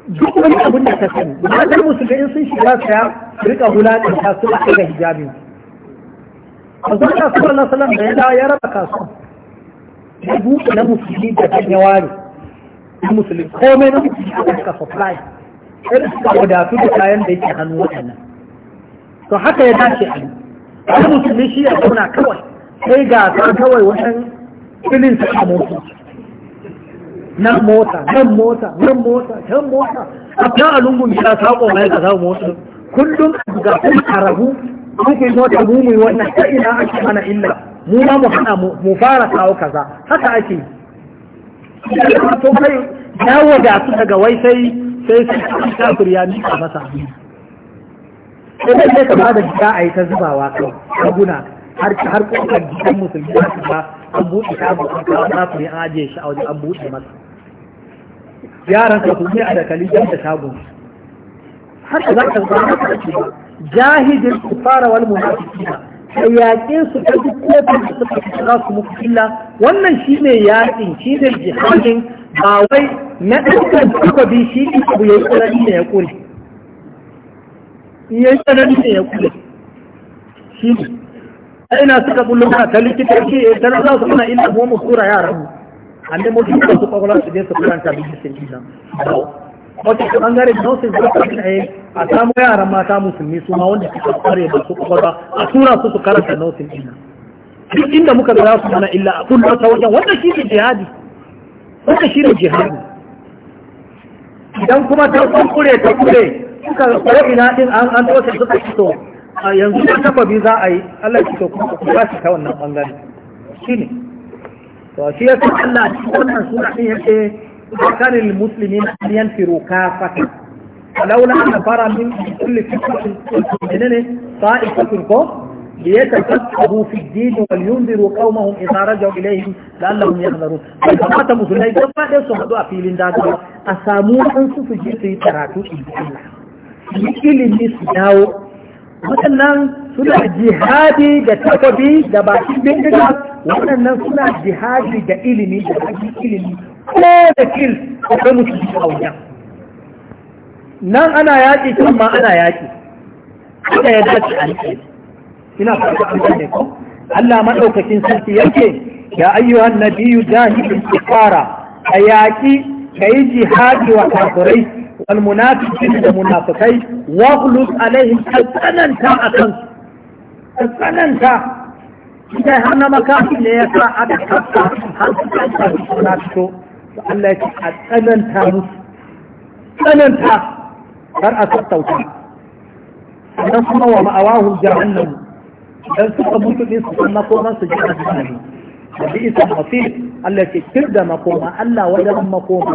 A: duk wani abin da ta sani matan musu ga in sun shiga saya su rika hulaƙin ta su ba ga hijabi a zuwa kasuwar na salam da ya ya raba kasuwa ya buɗe na musulmi da ta ya ware na musulmi komai na musulmi da suka supply irin suka wadatu da kayan da yake hannu waɗannan to haka ya dace a yi wani musulmi shi ya zauna kawai sai gasa kawai wajen filin sa mota nan mota nan mota nan mota can mota a kan alungun ya sako mai ka samu mota kullum ga kun arabu kuke mota mu mu wannan ta ina ake mana illa mu ma mu hana mu fara kawo kaza haka ake to kai dawo da su daga wai sai sai sai kafir ya mika masa sai sai ka da gida a yi ta zubawa kai a guna har har kofar gidan musulmi za su ba an buɗe ta ba an kawo nasu ne an ajiye shi a wajen an buɗe masa yaran ka su ne a dakali don da shagon haka za ka zama haka ba jahidin kufara wal munafiqina sai yaƙe su ta duk kofar da suka fi za su muku illa wannan shi ne yaƙin shi ne jihadin ba wai na ɗaukar duka bi shi ne abu ya yi tsanani ne ya ƙure. Ya yi tsanani ne ya ƙure. Shi ne. ina suka bullo mana ta likitoci eh, ta na za su kuna illa ko mu tura yaran mu amma mutum da su kwakwalwa su je su karanta bijisin islam wata ta bangare da wasu da suka eh, a samu yaran mata musulmi su ma wanda suka kware da su kwakwalwa a tura su su karanta nautin islam duk inda muka ga su mana illa a kullu ta wajen wanda shi ne jihadi wanda shi ne jihadi idan kuma ta kure ta kure suka kare ina din an an tsoce suka fito yanzu da sababi za a yi Allah ya ce kuma ta wannan bangare shine to shi yasa Allah shi wannan sura din yake zakar al muslimin yanfiru kafatan laula an fara min kulli fitnatin menene sa'ifatun ko ليتفقهوا في الدين ولينذروا قومهم إذا رجعوا إليهم لعلهم يحذرون فقط مسلمي جمع يسوم هدوء في لنداد أسامون أنسوا في جيسي تراتو إلي الله إلي نسو waɗannan suna jihadi da takobi da bakin bindiga waɗannan suna jihadi da ilimi da bakin ilimi ko da kil ko mutu da auya nan ana yaƙi kan ma ana yaƙi haka ya dace a nake ina fata an ne ko Allah madaukakin sarki yake ya ayyuhan nabiyyu jahidul kufara a yaƙi kai jihadi wa kafirai المنافقين المنافقين واغلظ عليهم كتننتا أكن كتننتا إذا هم مكافي ليسا أتحقا هل تننتا الله يتحقننتا مس تننتا فرأة التوتا نصم ومأواه جهنم dan suka mutu din su sanna ko su ji a jihani da bi isa masir Allah ce kir da makoma Allah wajen makoma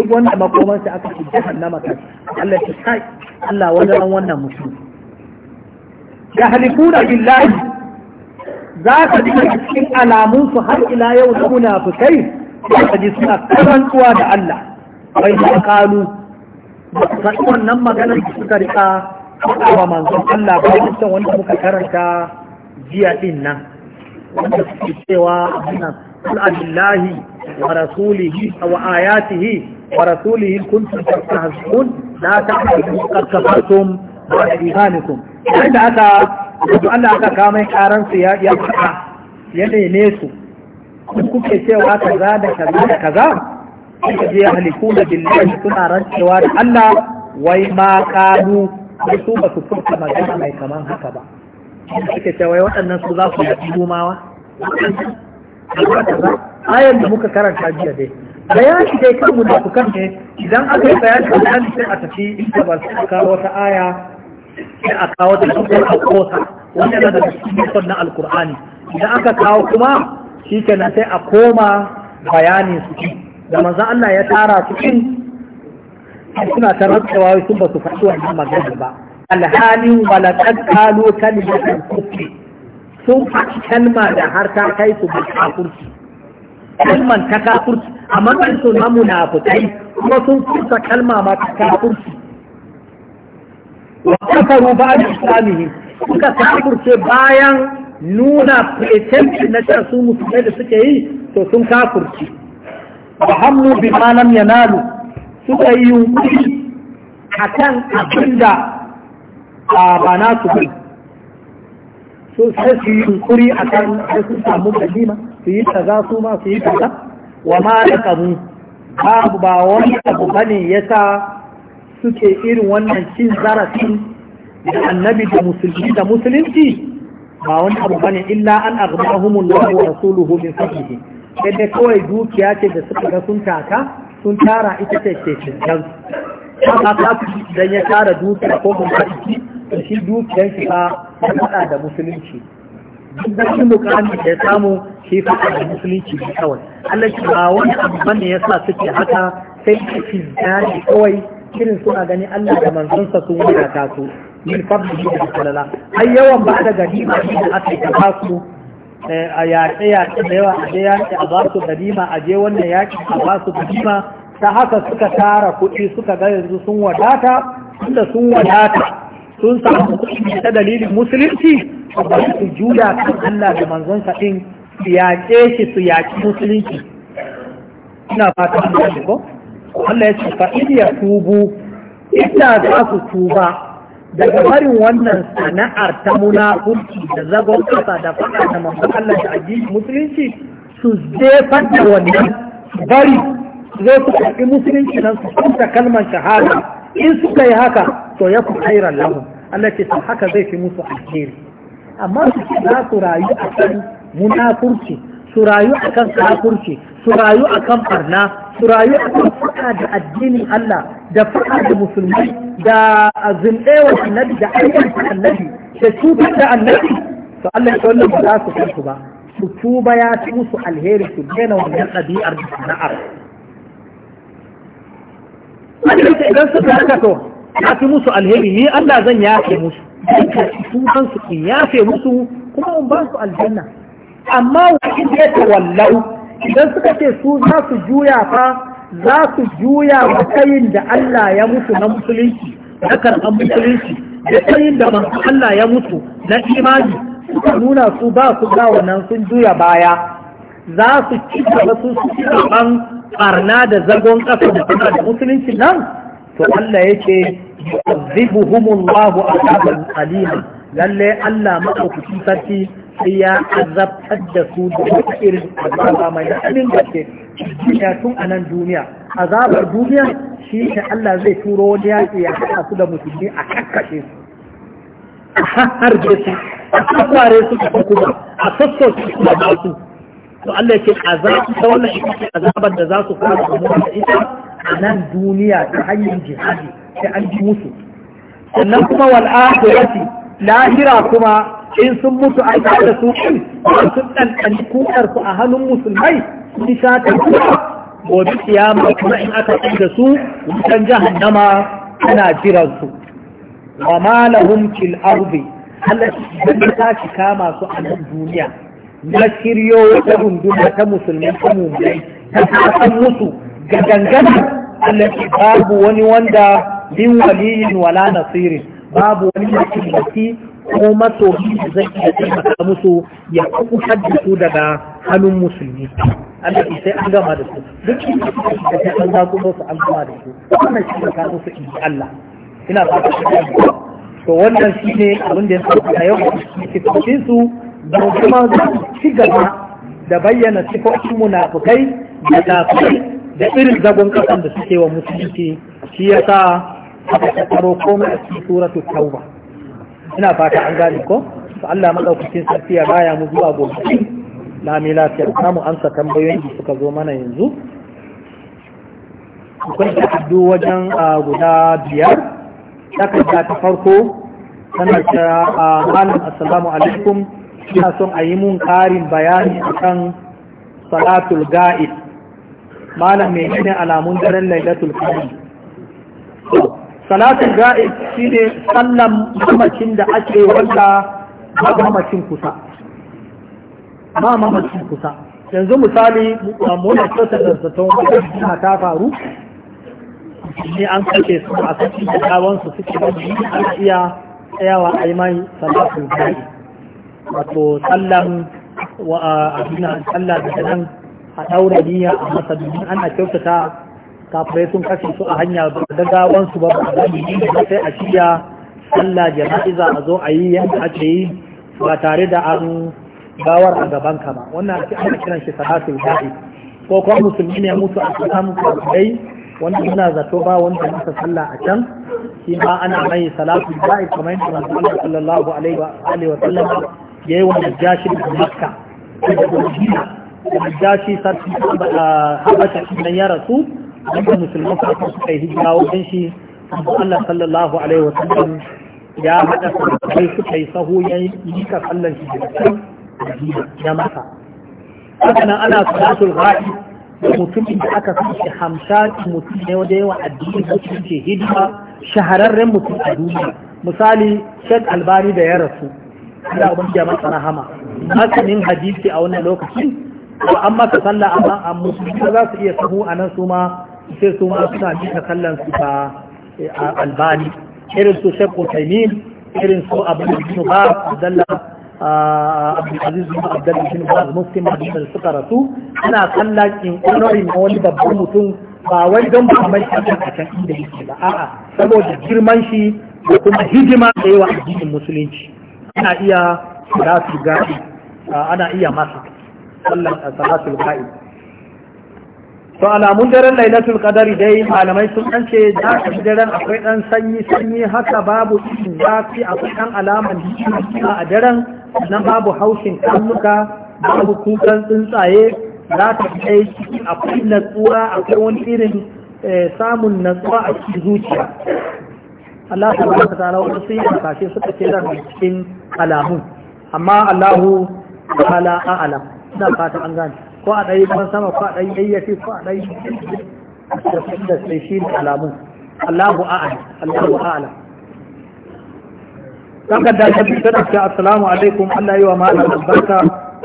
A: duk wanda makomansa aka fi jihar na kai Allah ce kai Allah wajen wannan mutum yahlifuna billahi za ka ji cikin alamunsu har ila yau da munafikai za ka ji suna karantuwa da Allah bai da kalu ba wannan maganar da suka rika wa manzon Allah ba wannan wanda muka karanta jiya din nan wanda suke cewa nan قل أب الله ورسوله وآياته ورسوله كنتم تستهزئون لا تعلموا قد كفرتم بعد إيمانكم عند أتى wato Allah aka kama karansu ya ya faɗa ya nene su kuke cewa kaza da kaza da kaza kuka je haliku da billahi suna rantsewa da Allah wai ma kanu wai su ba su furta magana mai kaman haka ba kuke waɗannan su zasu yi dumawa
B: ayan
A: da muka karanta jiya dai bayani dai kan munafukan ne idan aka yi bayani da bayani a tafi in ba su kawo wata aya sai a kawo ta cikin alƙota wanda da cikin son na alƙur'ani idan aka kawo kuma shi kenan sai a koma bayanin su da manzo Allah ya tara su cikin suna ta rantsewa sun ba su faɗi wannan magana ba alhalin walaqad qalu kalimatan kufri sun faɗi kalma da har ta kai su ba kafurci kalman ta kafurci amma kan su na munafukai kuma sun furta kalma ma ta kafurci wa kafaru ba da islamihi suka kafurce bayan nuna pretend na cewa su musulmai da suke yi to sun kafurci wa hamlu bi ma lam yanalu suka yi yunkuri akan abinda ah, ba na su bai so sai su yi yunkuri a kan sai su samu kalima su yi ta su ma su yi kaza wa ma da kamu babu ba wani abu bane yasa suke irin wannan cin zarafin da annabi da musulmi da musulunci ba wani abu bane illa an aghnahumullahu wa rasuluhu min fadlihi sai dai kawai dukiya ce da suka ga sun taka sun tara ita ce ce dan haka ta dan ya tara dukiya ko kuma to shi dukiyar shi fa ta faɗa da musulunci duk da shi mukami da ya samu shi faɗa da musulunci ne kawai Allah shi ba wani abu bane yasa suke haka sai su fi kawai irin suna gani Allah da manzonsa sun wadata su min fadli da ai yawan ba da ganima ne da aka yi ta su eh, a yaƙe yaƙe da yawa a je yaƙe a ba su ganima a je wannan yaƙi a ba su ta haka suka tara kuɗi suka ga yanzu sun wadata tunda sun wadata sun samu kuɗi ta dalilin musulunci ba su juya kan Allah da manzonsa sa'in su yaƙe shi su yaƙi musulunci ina fata an gane ko Allah ya ce fa in ya tubu Ina za su tuba daga barin wannan sana'ar ta munafurci da zagon kasa da faɗa da manzon Allah da addinin musulunci su je da wannan bari zai su karɓi musulunci nan su kuta kalmar shahada in suka yi haka to ya kun khairan lahum Allah ce to haka zai fi musu alheri amma su za su rayu a kan munafurci su rayu a kan kafurci su rayu a kan barna su rayu a kan faka da addinin Allah da faka da musulmai da zindewar annabi da ayyukan annabi da cutar da annabi to Allah ya wannan ba za su kansu ba su tuba ya ci musu alheri su daina wannan ɗabi'ar da sana'ar. Allah ya ce idan suka haka to ya fi musu alheri ni Allah zan yafe musu sunan su in yafe musu kuma in ba su aljanna amma wakin ya wallau. idan suka ce su za su juya fa za su juya kayin da Allah ya mutu na musulunci na karɓar musulunci da kayin da masu Allah ya mutu na imani suka nuna su ba su ga wannan sun juya baya za su ci gaba su su ci gaban barna da zagon ƙasa da suna da musulunci nan to Allah ya ce yu'adhibuhumullahu azaban alima lalle Allah madaukakin sarki sai ya azabtar da su da wata irin azaba mai daɗin gaske duniya tun anan nan duniya azabar duniya shi ne Allah zai turo wani yaƙi ya haɗa su da musulmi a kakkashe su a su a kakware su da kuma a da to Allah yake azabi ta wannan azabar da za su fara da ita a nan duniya ta hanyar jihadi sai an ji musu
B: sannan kuma wal
A: lahira kuma in sun mutu a ta da su sun ɗanɗani kukar su a hannun musulmai sun sha ta kuma gobe kiyama kuma in aka tsaye da su wutan jahannama ana jiran su wa ma lahum fil ardi Allah shi ta shi kama su a nan duniya na shiryo wata runduna ta musulmai ta mumbai ta san musu ga dangana Allah babu wani wanda min waliyin wala nasirin babu wani mutum da ko masoyi da zai iya taimaka musu ya kuɓutar haddisu su daga hannun musulmi Allah sai an gama da su duk inda suka sai an zaƙo su an gama da su wannan shi ne kawo su in Allah ina fata shi ne to wannan shi ne abin da ya faru a yau sifofin su da kuma za su ci gaba da bayyana sifofin munafukai da kafirai da irin zagon kasan da suke wa musulunci shi yasa aka tattaro komai a cikin suratul tauba ina fata an gane ko to Allah madaukakin sarki ya baya mu zuwa gobe lami lafiya samu amsa tambayoyin da suka zo mana yanzu akwai takardu wajen guda biyar takarda ta farko tana ta malam assalamu alaikum ina son a yi mun karin bayani akan salatul ga'id malam menene alamun daren lailatul qadr salatin ga'ib shine sallan mamacin da ake wanda ba mamacin kusa ba mamacin kusa yanzu misali muna kyautar da zaton wata ta faru ne an kashe su a sassi da kawansu suke da a iya tsayawa a yi mai salatin gari wato sallan wa a abinan sallar da nan a ɗaura niyya a masa domin ana kyautata kafirai sun kashe su a hanya da gawansu ba ba sai a shirya sallah jana'iza a zo a yi yadda ake yi ba tare da an gawar a gaban ka ba wannan ake ana kiran shi salatul da'i ko kuma musulmi ne mutu a samu kafirai wanda ina zato ba wanda masa sallah a can shi ma ana mai salatul da'i kamar yadda Rasulullah sallallahu alaihi wa alihi wa sallam yayi wannan da Makka da Madina da jashi sarki Habasha nan ya rasu wanda musulman farko suka yi hijira wajen shi Allah sallallahu alaihi wa sallam ya haɗa sahabbai suka yi sahu ya yi ka sallan shi da kai ya masa
B: haka nan ana salatul
A: ra'i da mutumin da aka san shi hamshaci mutum ne wanda yawa addini mutunci hidima shahararren mutum a duniya misali shek albani da ya rasu Allah ubangiji ya masa rahama masanin hadisi a wannan lokacin wa an masa sallah amma a musulmi za su iya sahu a nan su ma sai su ma suna bisa kallon su ta eh, albani irin su shakku taimin irin su abin bin ba abdalla abdulaziz ah, bin abdalla bin ba mufti madina suka rasu ana kallon in honori ma wani babban mutum ba wai don ba mai a can inda yake ba a'a saboda girman shi da kuma hijima da yawa addinin musulunci ana iya salatul ga'i ah, ana iya masa sallan salatul ga'i to alamun daren lailatul qadari dai malamai sun dan ce da daren akwai dan sanyi sanyi haka babu cikin zafi akwai dan alaman a daren nan babu haushin kalluka babu kukan tsuntsaye za ta kai akwai natsuwa akwai wani irin eh, samun natsuwa a cikin zuciya Allah subhanahu wa ta'ala wasu yi kashe suka ce da cikin alamun amma Allahu ta'ala a'lam ina fata an gane ko a ɗayi ban sama ko a ɗayi ɗayyafi ko a ɗayi da sai shi ne alamun Allahu a'ala Allahu a'ala
B: saka da ta fito da
A: ta assalamu alaikum Allah yi wa malam albarka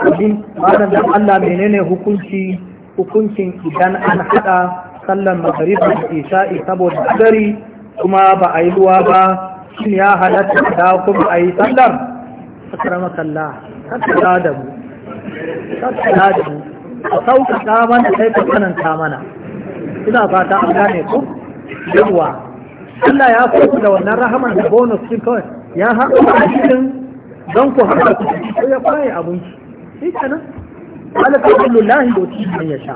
A: abin malam dan Allah menene hukunci hukuncin idan an hada sallan maghrib da isha'i saboda hadari kuma ba a yi ruwa ba shin ya halatta da kuma a yi sallar sakramaka Allah kasa da mu
B: kasa da mu ka sauƙaƙa mana kai ka tsananta mana
A: ina fata an gane ku yawa Allah ya so da wannan rahaman da bonus din kawai ya haɗa a cikin don ku haɗa ku ko ya kwaye abinci shi kenan alaka da wa timan yasha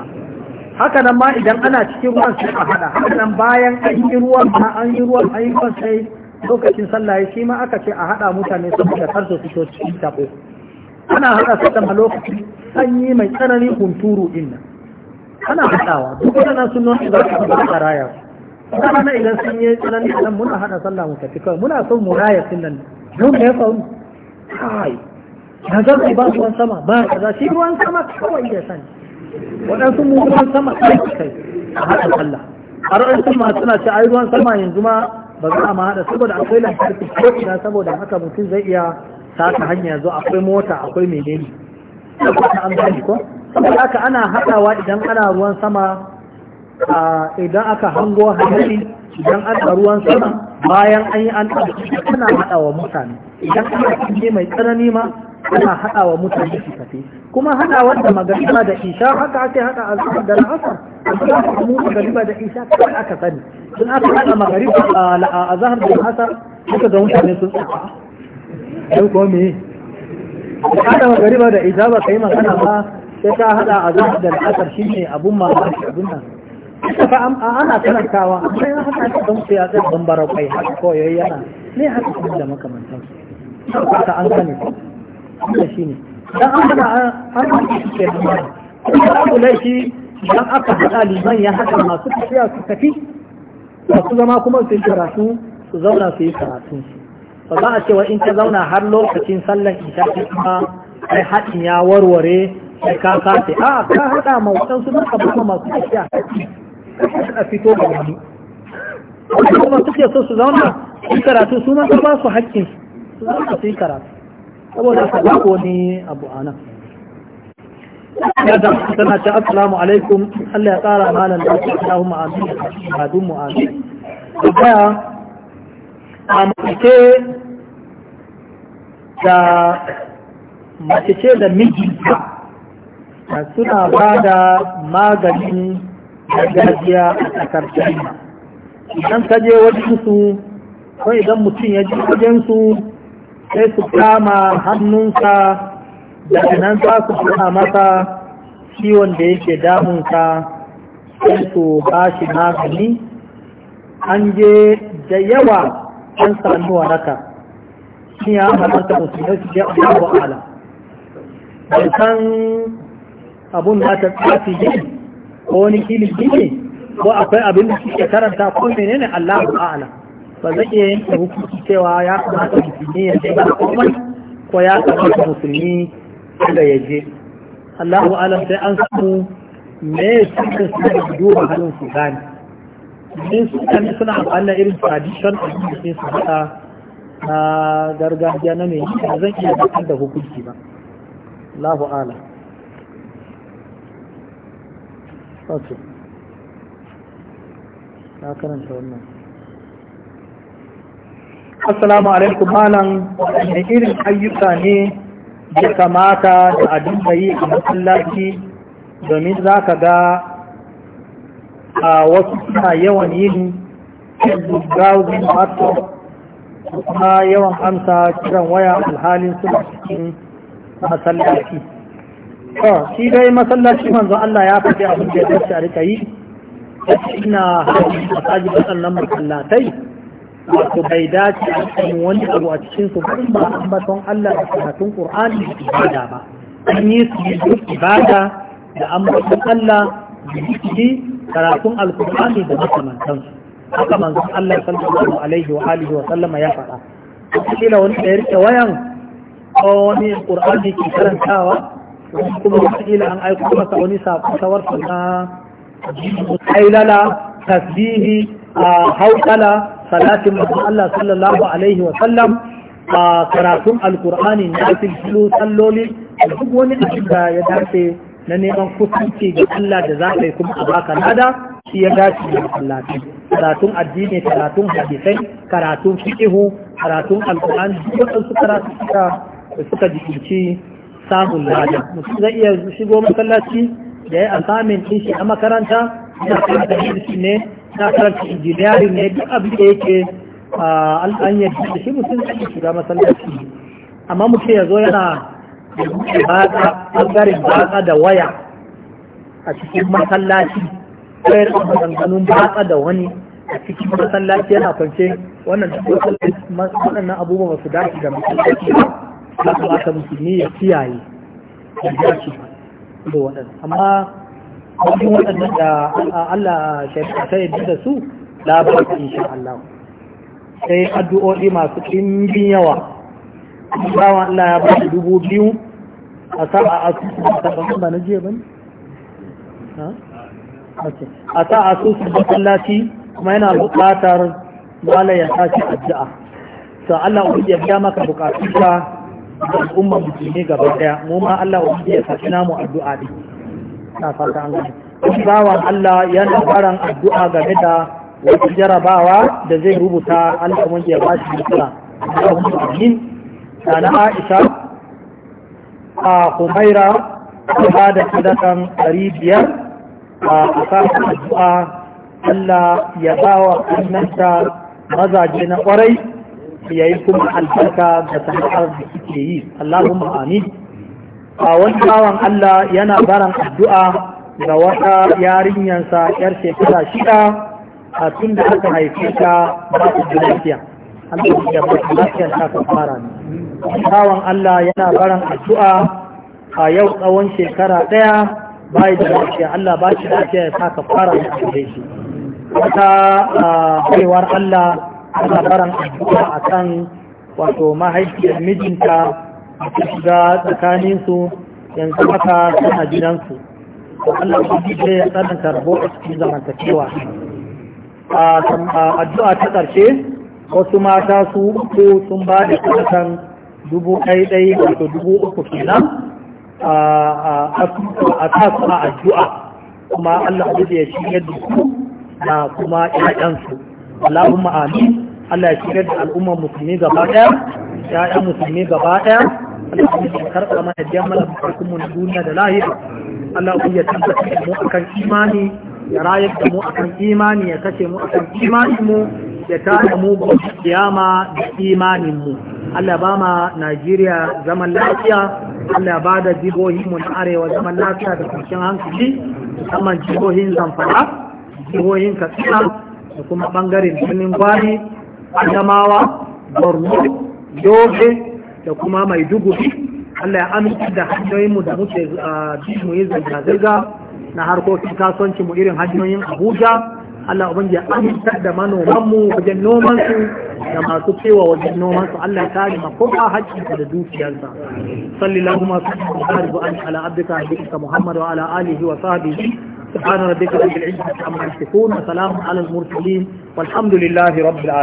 A: haka nan ma idan ana cikin ruwan sai a haɗa haka nan bayan an yi ruwan ma an yi ruwan an yi ruwan sai lokacin sallah shi ma aka ce a haɗa mutane saboda kar su fito cikin tabo
B: ana haɗa su a
A: lokacin sanyi mai tsananin hunturu din nan ana haɗawa duk waɗannan sunnoni za su ba a raya kuma na idan sun yi tsananin nan muna haɗa sallah mu tafi kawai muna son mu raya sun nan don me ya faru kai na ga ba ruwan sama ba kaza shi ruwan sama kawai ya sani waɗansu mu ruwan sama kai kai a haɗa sallah har an suna suna ce ai ruwan sama yanzu ma ba za a ma haɗa saboda akwai lantarki ko ina saboda haka mutum zai iya ta ta hanya yanzu akwai mota akwai menene
B: ta an gani ko saboda haka ana haɗawa
A: idan ana ruwan sama idan aka hango hanyar idan ana ruwan sama bayan an yi an ana haɗawa mutane idan ana cikin mai tsanani ma ana haɗawa mutane su tafi kuma haɗa da magariba da isha haka ake haɗa zuwa da al'asar amma aka mu magariba da isha kawai aka sani sun aka haɗa magariba a zahar da la'asar suka ga mutane sun tsaka sai ko me kada magariba da ijaba kai magana ba sai ta hada a zuwa da al'asar shi ne abun mamaki abun nan fa ana karantawa amma yana haka ta don ya zai don bara kai haka ko yayi yana ne haka kuma da makamantan su ta an sani da shi ne dan an hana an hana shi ke da abu laifi dan aka hada liman ya haka masu tafiya su tafi masu zama kuma su yi karatu su zauna su yi karatun su. ba za a cewa in ka zauna har lokacin sallan isha kuma kai haɗin ya warware sai ka sace a ka haɗa ma waɗansu na abubuwa masu tafiya a fito da wani kuma suke so su zauna su karatu su ma ba su haƙƙin su zauna su yi karatu
B: saboda ka ba ku
A: wani abu a nan yadda tana ce assalamu alaikum Allah ya tsara malam da su Allahumma amin da su mu amin a mace da mace ce da mijinta
B: suna ba
A: da maganin gargajiya a ƙasar idan ka je wajensu ko idan mutum ya ji wajensu sai su kama hannunsa
B: da nan za
A: su a masa ciwon da yake damunsa sai su ba shi magani an je da yawa an wa waraka shi ya ta musulmai su je a kan ala da san abun da ta tsafi ne ko wani ilimi ne ko akwai abin da suke karanta ko menene Allah ala ba zai iya yin hukunci cewa ya kamata musulmi ya je ba komai ko ya kamata musulmi da ya je Allahu ala sai an samu me suka su duba halin su gane ne su kan suna amfani irin tradition a cikin sai su haɗa na gargajiya na mai yi zan iya zaɓar da hukunci ba Allahu ala ok ta karanta wannan. Assalamu alaikum malam, wani irin ayyuka ne ya kamata da abin da yi a masallaci domin za ka ga a wasu suna yawan yin browsing laptop kuma yawan amsa kiran waya alhalin suna cikin masallaci to shi dai masallaci manzo Allah ya faɗi abin da ya a rika yi ina
B: hadin masaji
A: waɗannan masallatai wato bai dace a cikin wani abu a cikin su ba ambaton Allah da karatun Qur'ani da ibada ba an yi su ibada da ambaton Allah da zikiri karatun alkur'ani da makamantansu haka manzon Allah sallallahu alaihi wa alihi wa sallama ya faɗa kila wani da ya rike wayan ko wani qur'ani ke karantawa kuma kila an aiko masa wani sako tawar na kailala tasbihi a hausala salatin manzon Allah sallallahu alaihi wa sallam a karatun alkur'ani na filfilu salloli duk wani abin da ya dace na neman kusanci ga Allah da za ka yi kuma a baka lada shi ya dace da masallaci karatun addini karatun hadisai karatun fiqhu karatun alquran duk su karatu suka suka jikinci samun lada mutum zai iya shigo masallaci da ya asamin din shi a makaranta na karanta hadisi ne na karanta injiniyarin ne duk abin da yake al'anyar ah, da shi mutum zai shiga masallaci amma mutum ya zo yana
B: baka ɓangaren baka
A: da waya a cikin masallaci sayar da maganganun baka da wani a cikin masallaci yana kwance wannan waɗannan abubuwa ba su dace da masallaci ba su aka musulmi ya kiyaye da dace da waɗannan amma wajen waɗannan da Allah shari'a ta yadda da su labar insha Allah sai addu'o'i masu ɗimbin yawa bawan Allah ya ba dubu biyu a sa a asusu ba ta ba na jiya ba ne a sa a asusu ba lati kuma yana buƙatar wala ya sace addu'a to Allah ubangi ya biya maka buƙatunka da al'umma musulmi gaba daya mu ma Allah ubangi ya sace namu addu'a ne? na fata an gani bawan Allah yana baran addu'a game da wata jarabawa da zai rubuta Allah ubangi ya bashi nasara Allah ubangi sana Aisha a humaira ba da sadakan ɗari biyar a kasar addu'a Allah ya ba wa annanta mazaje na ƙwarai ya yi kuma albarka ga sana'ar da suke yi Allahun ma'ani. a wani bawan Allah yana baran addu'a ga wata yarinyarsa yar shekara shida a tun da aka haife ta ba su lafiya Allah lafiyar ta kafara ne bawan Allah yana baran addu'a a yau tsawon shekara ɗaya bai da lafiya Allah ba shi lafiya ya sa kafara ne a gare shi wata haiwar Allah ana baran addu'a akan wato mahaifiyar mijinta a shiga tsakaninsu yanzu haka suna gidansu Allah ya ji ya tsananta rabo a cikin zamantakewa addu'a ta ƙarshe wasu mata su uku sun ba da kasan dubu ɗaiɗai wato dubu uku kenan a kasu a addu'a kuma Allah ya ya shigar da su na kuma ƴaƴansu Allahun amin Allah ya shigar da al'ummar musulmi gaba ɗaya ƴaƴan musulmi gaba ɗaya Allah ya karɓa mana jama'a mu na duniya da lahira Allah ya tabbatar da mu akan imani ya rayar da mu akan imani ya kashe mu akan imani mu ya tada mu kiyama da imanin mu Allah ba ma Najeriya zaman lafiya Allah ba da jihohin mu arewa zaman lafiya da kwanciyar hankali musamman jihohin zamfara jihohin katsina da kuma bangaren birnin gwari adamawa borno yobe da kuma mai maiduguri Allah ya amince da hanyoyin mu da muke ah, mu yi zirga-zirga na harkokin kasuwanci mu irin hanyoyin abuja Allah ubangi ya aminta da manomanmu wajen nomansu da masu cewa wajen nomansu Allah ya kare ma kowa haƙƙinsa da dukiyarsa sallallahu ma sallallahu alaihi wa sallam ala abdika habibika muhammad wa ala alihi wa sahbihi subhana rabbika rabbil izzati amma yasifun wa salamun ala al mursalin walhamdulillahi rabbil alamin